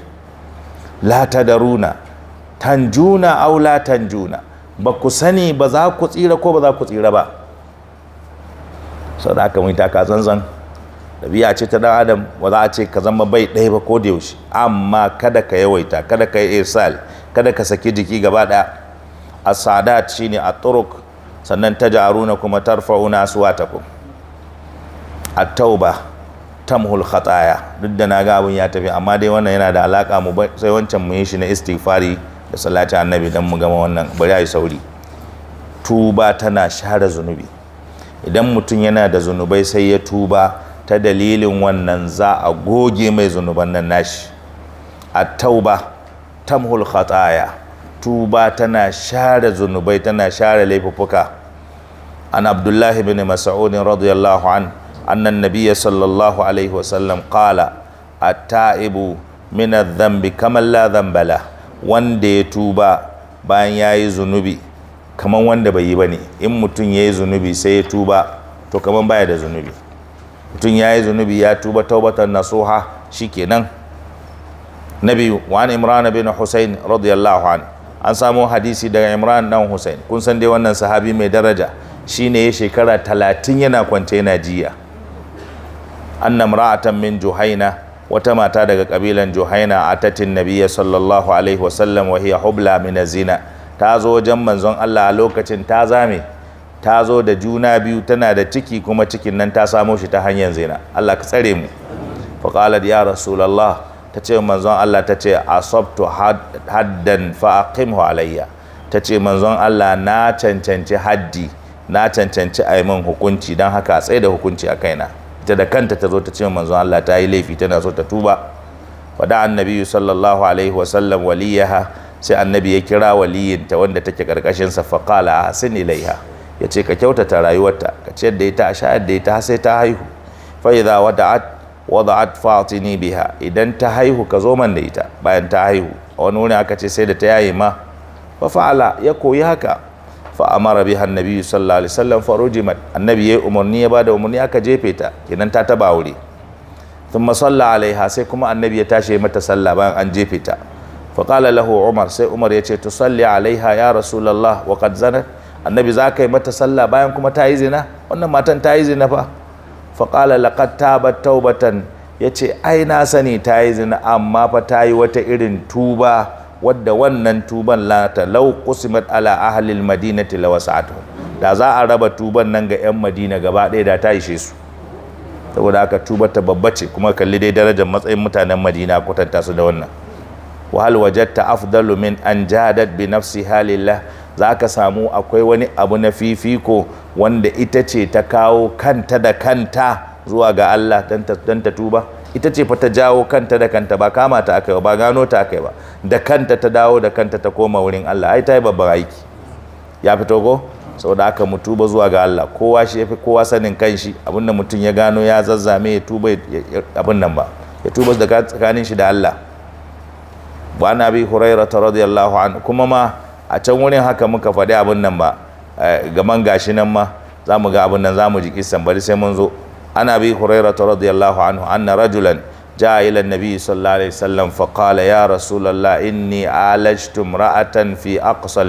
la tadaruna tanjuna aw la tanjuna ba ku sani ba za ku tsira ko ba za ku tsira ba sau da aka mun taka zanzan ɗabi'a ce ta dan adam ba za a ce ka zama bai ɗaya ba ko da yaushe amma kada ka yawaita kada ka yi irsal kada ka saki jiki gaba ɗaya a sadat shine a turuk sannan ta jaruna kuma suwa ta ku. a tauba tamhul khataya duk da na ga abin ya tafi amma dai wannan yana da alaka mu sai wancan mu yi shi na istighfari da salati annabi dan mu gama wannan bari ayi sauri tuba tana share zunubi idan mutum yana da zunubai sai ya tuba ta dalilin wannan za a goge mai zunuban nan nashi a tauba tamhul khataya tuba tana share zunubai tana share laifuffuka an abdullahi bin mas'ud radiyallahu an annan an sallallahu alaihi wasallam qala at-ta'ibu min adh-dhanbi la wanda ya tuba bayan yayi zunubi kaman wanda bai yi ba ne in mutum yayi zunubi sai ya tuba to kaman baya da zunubi mutum ya yi zunubi ya tuba taubatan nasuha shikenan na biyu wa an imran bin husayn radiyallahu an an samo hadisi daga imran dan husayn kun san dai wannan sahabi mai daraja shine ya shekara talatin yana kwance yana jiya an imra'atan min juhaina wata mata daga kabilan juhaina atatin nabiyya sallallahu alaihi wasallam wa hiya hubla min zina ta zo wajen manzon Allah a lokacin ta zame ta zo da juna biyu tana da ciki kuma cikin nan ta samo shi ta hanyar zina Allah ka tsare mu fa ya rasulullah ta ce manzon Allah ta ce asabtu haddan fa aqimhu alayya ta ce manzon Allah na cancanci haddi na cancanci a min hukunci don haka tsaye da hukunci a kaina ita da kanta ta zo ta ce manzon Allah ta yi laifi tana so ta tuba fada annabi sallallahu alaihi wa sallam waliyaha sai annabi ya kira waliyinta wanda take karkashin sa faqala ahsin ilaiha ya ce ka kyautata rayuwarta ka ciyar da ita a shayar da ita sai ta haihu faiza idza wada'at wada'at fatini biha idan ta haihu ka zo man da ita bayan ta haihu a wani wurin aka ce sai da ta yaye ma fa fa'ala ya koyi haka fa amara biha annabi sallallahu alaihi wasallam fa rujimat annabi yayi umarni ya bada umarni aka jefe ta kenan ta taba wuri thumma salla alaiha sai kuma annabi ya tashi mata sallah bayan an jefe ta fa qala lahu umar sai umar ya ce tusalli alaiha ya rasulullah wa qad zanat annabi za ka yi mata sallah bayan kuma ta yi zina wannan matan ta yi zina fa faƙala laƙad tabat taubatan ya ce ai na sani ta yi zina amma fa ta yi wata irin tuba wadda wannan tuban lata lau kusimat ala ahalil madinati la da za a raba tuban nan ga yan madina gaba ɗaya da ta shi su saboda aka tuba ta babba ce kuma kalli dai darajar matsayin mutanen madina kwatanta su da wannan wahal wajatta afdalu min an jadat bi nafsi halillah za ka samu akwai wani abu na fifiko wanda ita ce ta kawo kanta da kanta zuwa ga Allah don ta tuba ita ce fa ta jawo kanta da kanta ba kama ta aka yi ba gano ta aka yi ba da kanta ta dawo da kanta ta koma wurin Allah ai ta yi babbar aiki ya fito ko saboda aka mu tuba zuwa ga Allah kowa shi yafi kowa sanin kanshi abinda mutum ya gano ya zazzame ya tuba abin nan ba ya tuba daga tsakanin shi da Allah wa nabi hurairah radiyallahu anhu kuma ma a can wurin haka muka faɗi abin nan ba eh, gaman gashi nan ma za mu ga abin nan za mu ji kisan bari sai mun zo ana bi ta radiyallahu anhu anna rajulan ja إلى النبي صلى الله عليه وسلم فقال ya رسول الله إني عالجت امرأة في أقصى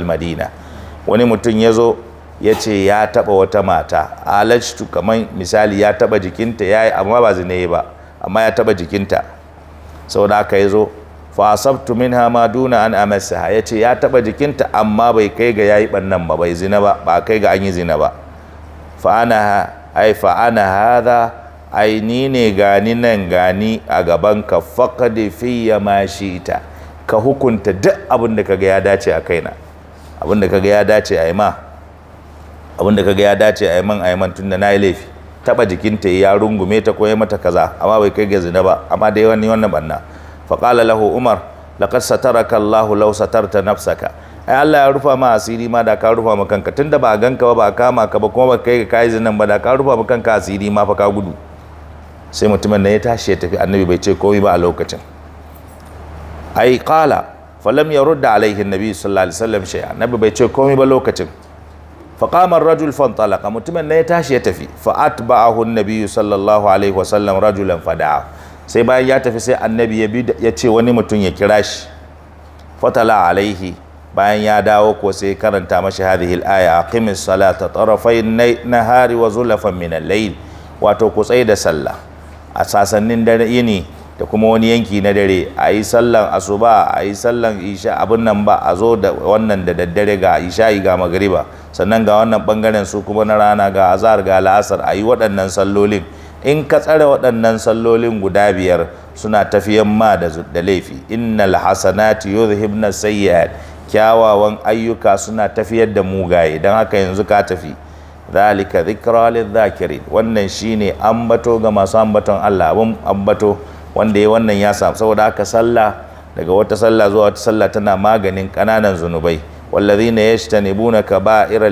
wani mutum ya zo ya ce ya taɓa wata mata alajtu kamar misali ya taɓa jikinta ya yi amma ba zinai ba amma ya taɓa jikinta sau da aka ya zo fa asabtu minha ma duna an amassaha yace ya taba jikinta amma bai kai ga yayi bannan ba bai zina ba ba kai ga an yi zina ba fa ana ai fa ana hadha ai ni ne gani nan gani a gaban ka faqad fi ma shi'ta ka hukunta duk abin da kaga ya dace a kaina abin da kaga ya dace a ma abin da kaga ya dace a man a man tunda yi laifi taba jikinta ya rungume ta ko ya mata kaza amma bai kai ga zina ba amma dai wani wannan banna faƙala lahu umar laƙar sataraka allahu lau satarta nafsaka ai allah ya rufa ma asiri ma da ka rufa ma kanka tunda ba a ganka ba ba kama ka ba kuma ba kai ka kai zinan ba da ka rufa ma kanka asiri ma fa ka gudu sai mutumin nan ya tashi ya tafi annabi bai ce komai ba a lokacin ai qala falam yarudda alaihi annabi sallallahu alaihi wasallam shay'a annabi bai ce komai ba lokacin rajul فقام الرجل mutumin متمن ya tashi ya tafi fa atba'ahu an-nabi sallallahu alaihi wasallam rajulan fada'a sai bayan ya tafi sai annabi ya bi ya ce wani mutum ya kira shi fatala alaihi bayan ya dawo ko sai karanta mashi hadhihi al-aya aqimis salata tarafai nahari wa zulafan min al-layl wato ku tsaye da sallah a sasannin dare yini da kuma wani yanki na dare a yi sallan asuba a yi sallan isha abin nan ba a zo da wannan da daddare ga isha'i ga magariba sannan ga wannan bangaren su kuma na rana ga azar ga la'asar a yi waɗannan sallolin in ka tsare waɗannan sallolin guda biyar suna tafiyan ma da laifi innal hasanati yuzhibna sayyi'at kyawawan ayyuka suna tafiyar da mugaye don haka yanzu ka tafi zalika zikra lidh-dhakirin wannan shine ambato ga masu ambaton Allah abun ambato wanda ya wannan ya samu saboda haka sallah daga wata sallah zuwa wata sallah tana maganin kananan zunubai والذين يجتنبون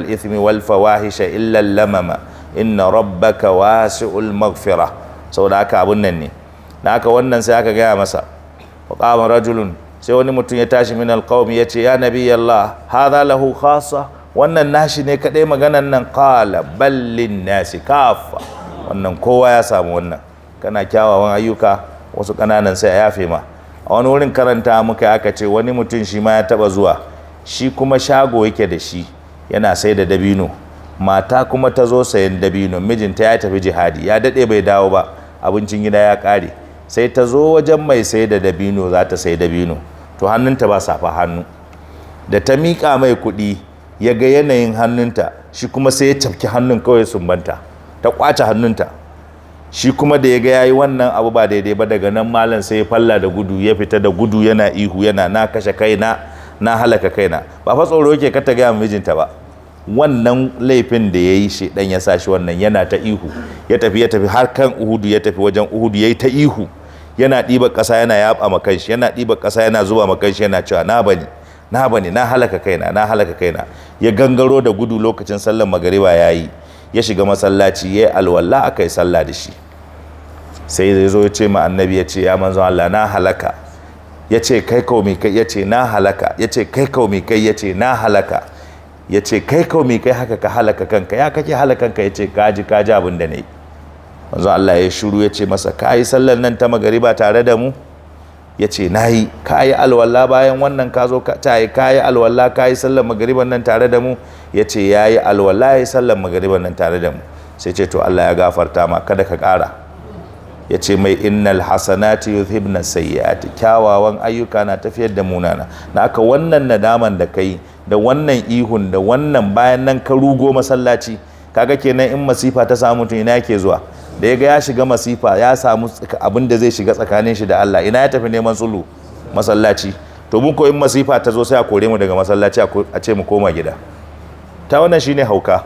ithmi wal fawahisha illa lamama inna rabbaka wasi'ul maghfira saboda haka abun nan ne da haka wannan sai aka gaya masa wa qama rajulun sai wani mutum ya tashi min alqawm ya ce ya allah hadha lahu khassa wannan nashi ne kadai maganan nan qala ballin nasi kafa wannan kowa ya samu wannan kana kyawawan ayyuka wasu kananan sai a yafe ma a wani wurin karanta muka aka ce wani mutum shi ma ya taba zuwa shi kuma shago yake da shi yana sai da dabino mata kuma ta zo sayan dabino mijinta ya tafi jihadi ya daɗe bai dawo ba abincin gida ya ƙare sai ta zo wajen mai sai da dabino za ta sai dabino to hannunta ba safa hannu da ta miƙa mai kuɗi ya ga yanayin hannunta shi kuma sai ya cafki hannun kawai sumbanta ta ƙwace hannunta shi kuma da ya ga yayi wannan abu ba daidai ba daga nan malam sai ya falla da gudu ya fita da gudu yana ihu yana na kashe kaina na halaka kaina ba fa tsoro yake ka ta gaya mijinta ba wannan laifin da ya yi shi dan ya sa shi wannan yana ta ihu ya tafi ya tafi har kan uhudu ya tafi wajen uhudu ya yi ta ihu yana ɗiba ƙasa yana yaɓa ma kanshi yana ɗiba ƙasa yana zuba ma kanshi yana cewa na bani na bani na halaka kaina na halaka kaina ya gangaro da gudu lokacin sallar magariba ya yi ya shiga masallaci ya yi alwala aka yi sallah da shi sai zai zo ya ce ma annabi ya ce ya manzo Allah na halaka ya ce kai kau kai ya ce na halaka ya ce kai kai ya ce na halaka ya ce kai kau mai kai haka ka halaka kanka ya kake halaka kanka ya ce kaji kaji abin da ne wanzu Allah ya shuru ya ce masa ka yi sallar nan ta magariba tare da mu ya ce na yi ka yi alwala bayan wannan ka zo ta yi ka yi alwala ka yi sallar magariban nan tare da mu ya ce ya yi alwala ya yi sallar magariban nan tare da mu sai ce to Allah ya gafarta ma kada ka ƙara ya ce mai innal hasanati yuzhibna sayyiati kyawawan ayyuka na tafiyar da munana na aka wannan nadaman da kai da wannan ihun da wannan bayan nan ka rugo masallaci kaga kenan in masifa ta samu mutum ina yake zuwa da ya ga ya shiga masifa ya samu abin da zai shiga tsakanin shi da Allah ina ya tafi neman tsulu masallaci to mun ko in masifa ta zo sai a kore mu daga masallaci a ce mu koma gida ta wannan shine hauka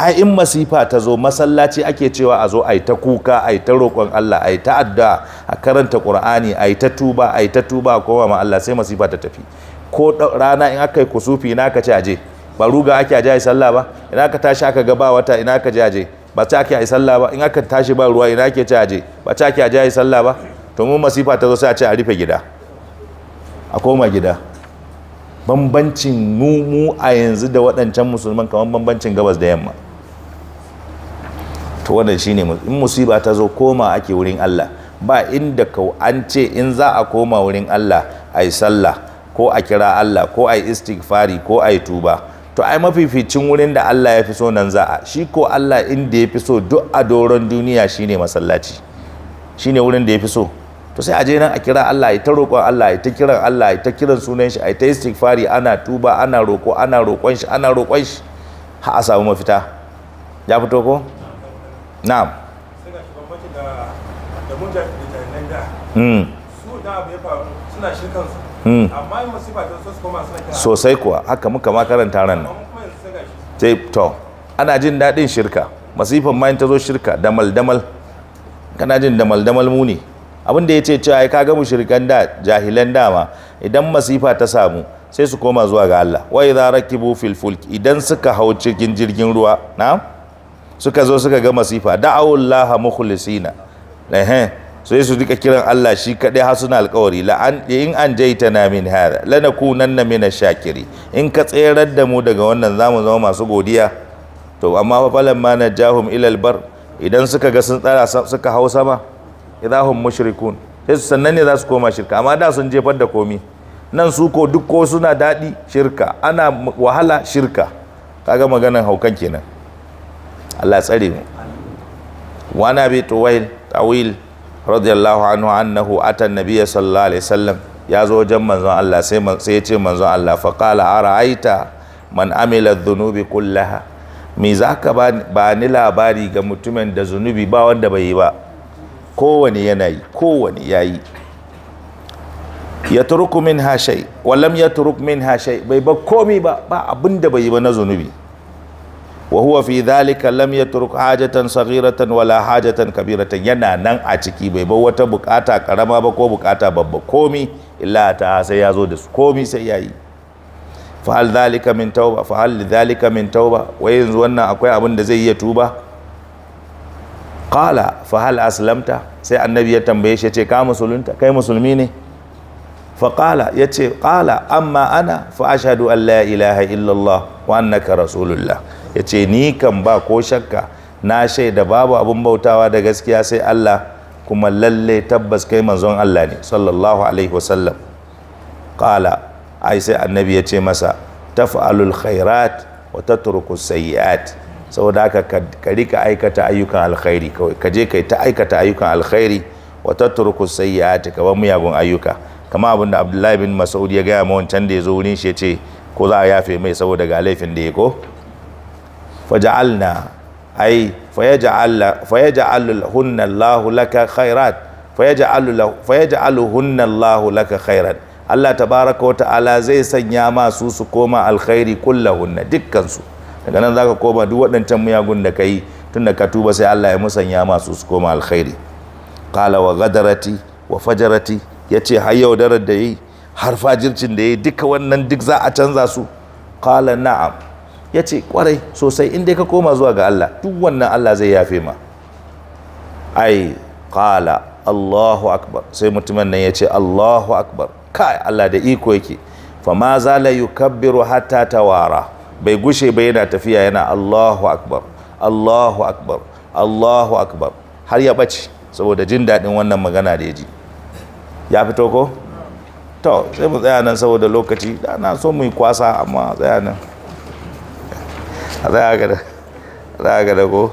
ai in masifa ta zo masallaci ake cewa a zo a ta kuka a ta roƙon Allah a ta addu'a a karanta Qur'ani a ta tuba a ta tuba kowa ma Allah sai masifa ta tafi ko rana in aka yi kusufi ina ka ci aje ba ruga ake aje ai sallah ba ina ka tashi aka ga ba wata ina ka je aje ba ta ake ai sallah ba in aka tashi ba ruwa ina ke ce aje ba ta ake aje ai sallah ba to mun masifa ta zo sai a ce a rufe gida a koma gida bambancin mu a yanzu da waɗancan musulman kamar bambancin gabas da yamma to wannan shine in musiba ta zo koma ake wurin Allah ba inda ka an ce in za a koma wurin Allah ai sallah ko a kira Allah ko ai istighfari ko ai tuba to ai mafificin wurin da Allah ya fi so nan za a shi ko Allah inda ya fi so duk a doron duniya shine masallaci shine wurin da ya fi so to sai a je nan a kira Allah ya ta roƙon Allah ya ta kiran Allah ya ta kiran sunan shi ai ta istighfari ana tuba ana roƙo ana roƙon shi ana roƙon shi har a samu mafita ya fito ko na'am suna mace da da mujahid da jarinan da hmm. su da bai faru suna shi kansu hmm. amma yin musiba ta su koma suna kira sosai kuwa haka muka ma karanta ran nan sai to ana jin daɗin shirka masifan ma ta zo shirka damal damal kana jin damal damal mu ne abin da ya ce cewa ka ga mushrikan da jahilan dama idan masifa ta samu sai su koma zuwa ga Allah wa a rakibu fil fulk idan suka hau cikin jirgin ruwa na'am suka zo suka ga masifa da'awullaha mukhlisina ehe so su rika kiran Allah shi kadai har suna alƙawari la an in an jaitana min hada lanakunanna min shakiri in ka tsayar da mu daga wannan zamu zama masu godiya to amma fa falan ma najahum ila albar idan suka ga sun tsara suka hau sama idahum mushrikun sai su sannan ne za su koma shirka amma da sun jefar da komi nan su ko duk ko suna daɗi shirka ana wahala shirka kaga maganan haukan kenan Allah tsare mu wa na bi tuwail tawil radiyallahu anhu annahu ata nabiyya sallallahu alaihi wasallam ya zo wajen manzon Allah sai sai ya ce manzon Allah fa qala ara'aita man amila dhunubi kullaha me zaka ba ba ni labari ga mutumin da zunubi ba wanda bai yi ba Kowani yanayi kowane yayi ya turku min hashai walam ya turuk min hashai bai ba komi ba ba abin da bai yi ba na zunubi wa huwa fi dhalika lam yatruk hajatan saghiratan wala hajatan kabiratan yana nan a ciki bai bar wata bukata karama ba ko bukata babba komi illa ta sai ya zo da su komi sai ya yi fa hal dhalika min tauba fa hal dhalika min tauba wai yanzu wannan akwai abin da zai iya tuba qala fa hal aslamta sai annabi ya tambaye shi ya ce ka musulunta kai musulmi ne faƙala ya ce ƙala amma ana fa ashadu an la ilaha illallah wa annaka rasulullah ya ce ni kan ba ko shakka na shaida babu abun bautawa da gaskiya sai Allah kuma lalle tabbas kai manzon Allah ne sallallahu alaihi wasallam qala ai sai annabi ya ce masa taf'alul khairat wa tatruku sayyi'at saboda haka ka rika aikata ayyukan alkhairi kawai ka je kai ta aikata ayyukan alkhairi wa tatruku sayyi'at ka bar miyagun ayyuka kama da Abdullahi bin Mas'ud ya gaya ma wancan da ya zo wurin shi ya ce ko za a yafe mai saboda ga laifin da ya ko faja'alna ai fayaja'al hunna Allahu laka khairat fayaja'al hunna Allahu laka khairat Allah tabaraka wa ta'ala zai sanya masu su koma alkhairi kullahunna dukkan su daga nan zaka koma duk waɗancan miyagun da kai tunda ka tuba sai Allah ya musanya masu su koma alkhairi qala wa gadarati wa fajarati yace har yau darar da yi har fajircin da yi duka wannan duk za a canza su qala na'am ya ce kwarai sosai inda ka koma zuwa ga Allah duk wannan Allah zai yafe ma ai kala Allahu akbar sai mutumin nan ya ce Allahu akbar kai Allah da iko yake fa ma la yukabbiru hatta tawara bai gushe ba yana tafiya yana Allahu akbar Allahu akbar Allahu akbar har ya bace saboda jin daɗin wannan magana da ya ji ya fito ko to sai mu tsaya nan saboda lokaci da na so mu yi kwasa amma tsaya nan zagada ko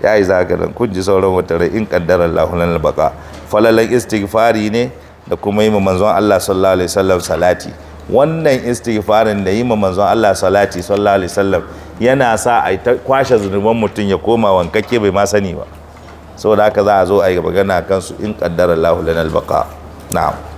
ya yi zagadan kun ji sauran wata in in kaddarar lahunan albaka falalan istighfari ne da kuma yi ma manzon Allah sallallahu alaihi wasallam salati wannan istighfarin da yi ma manzon Allah salati sallallahu alaihi wasallam yana sa a ta kwashe zunuban mutum ya koma wankake bai ma sani ba saboda haka za a zo a yi magana kansu in kaddarar lahunan albaka na'am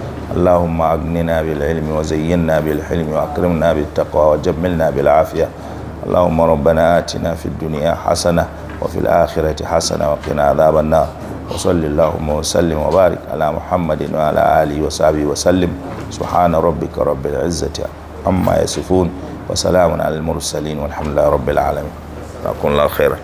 اللهم أغننا بالعلم وزينا بالحلم وأكرمنا بالتقوى وجملنا بالعافية اللهم ربنا آتنا في الدنيا حسنة وفي الآخرة حسنة وقنا عذاب النار وصل اللهم وسلم وبارك على محمد وعلى آله وصحبه وسلم سبحان ربك رب العزة عما يصفون وسلام على المرسلين والحمد لله رب العالمين جزاكم الله خيرا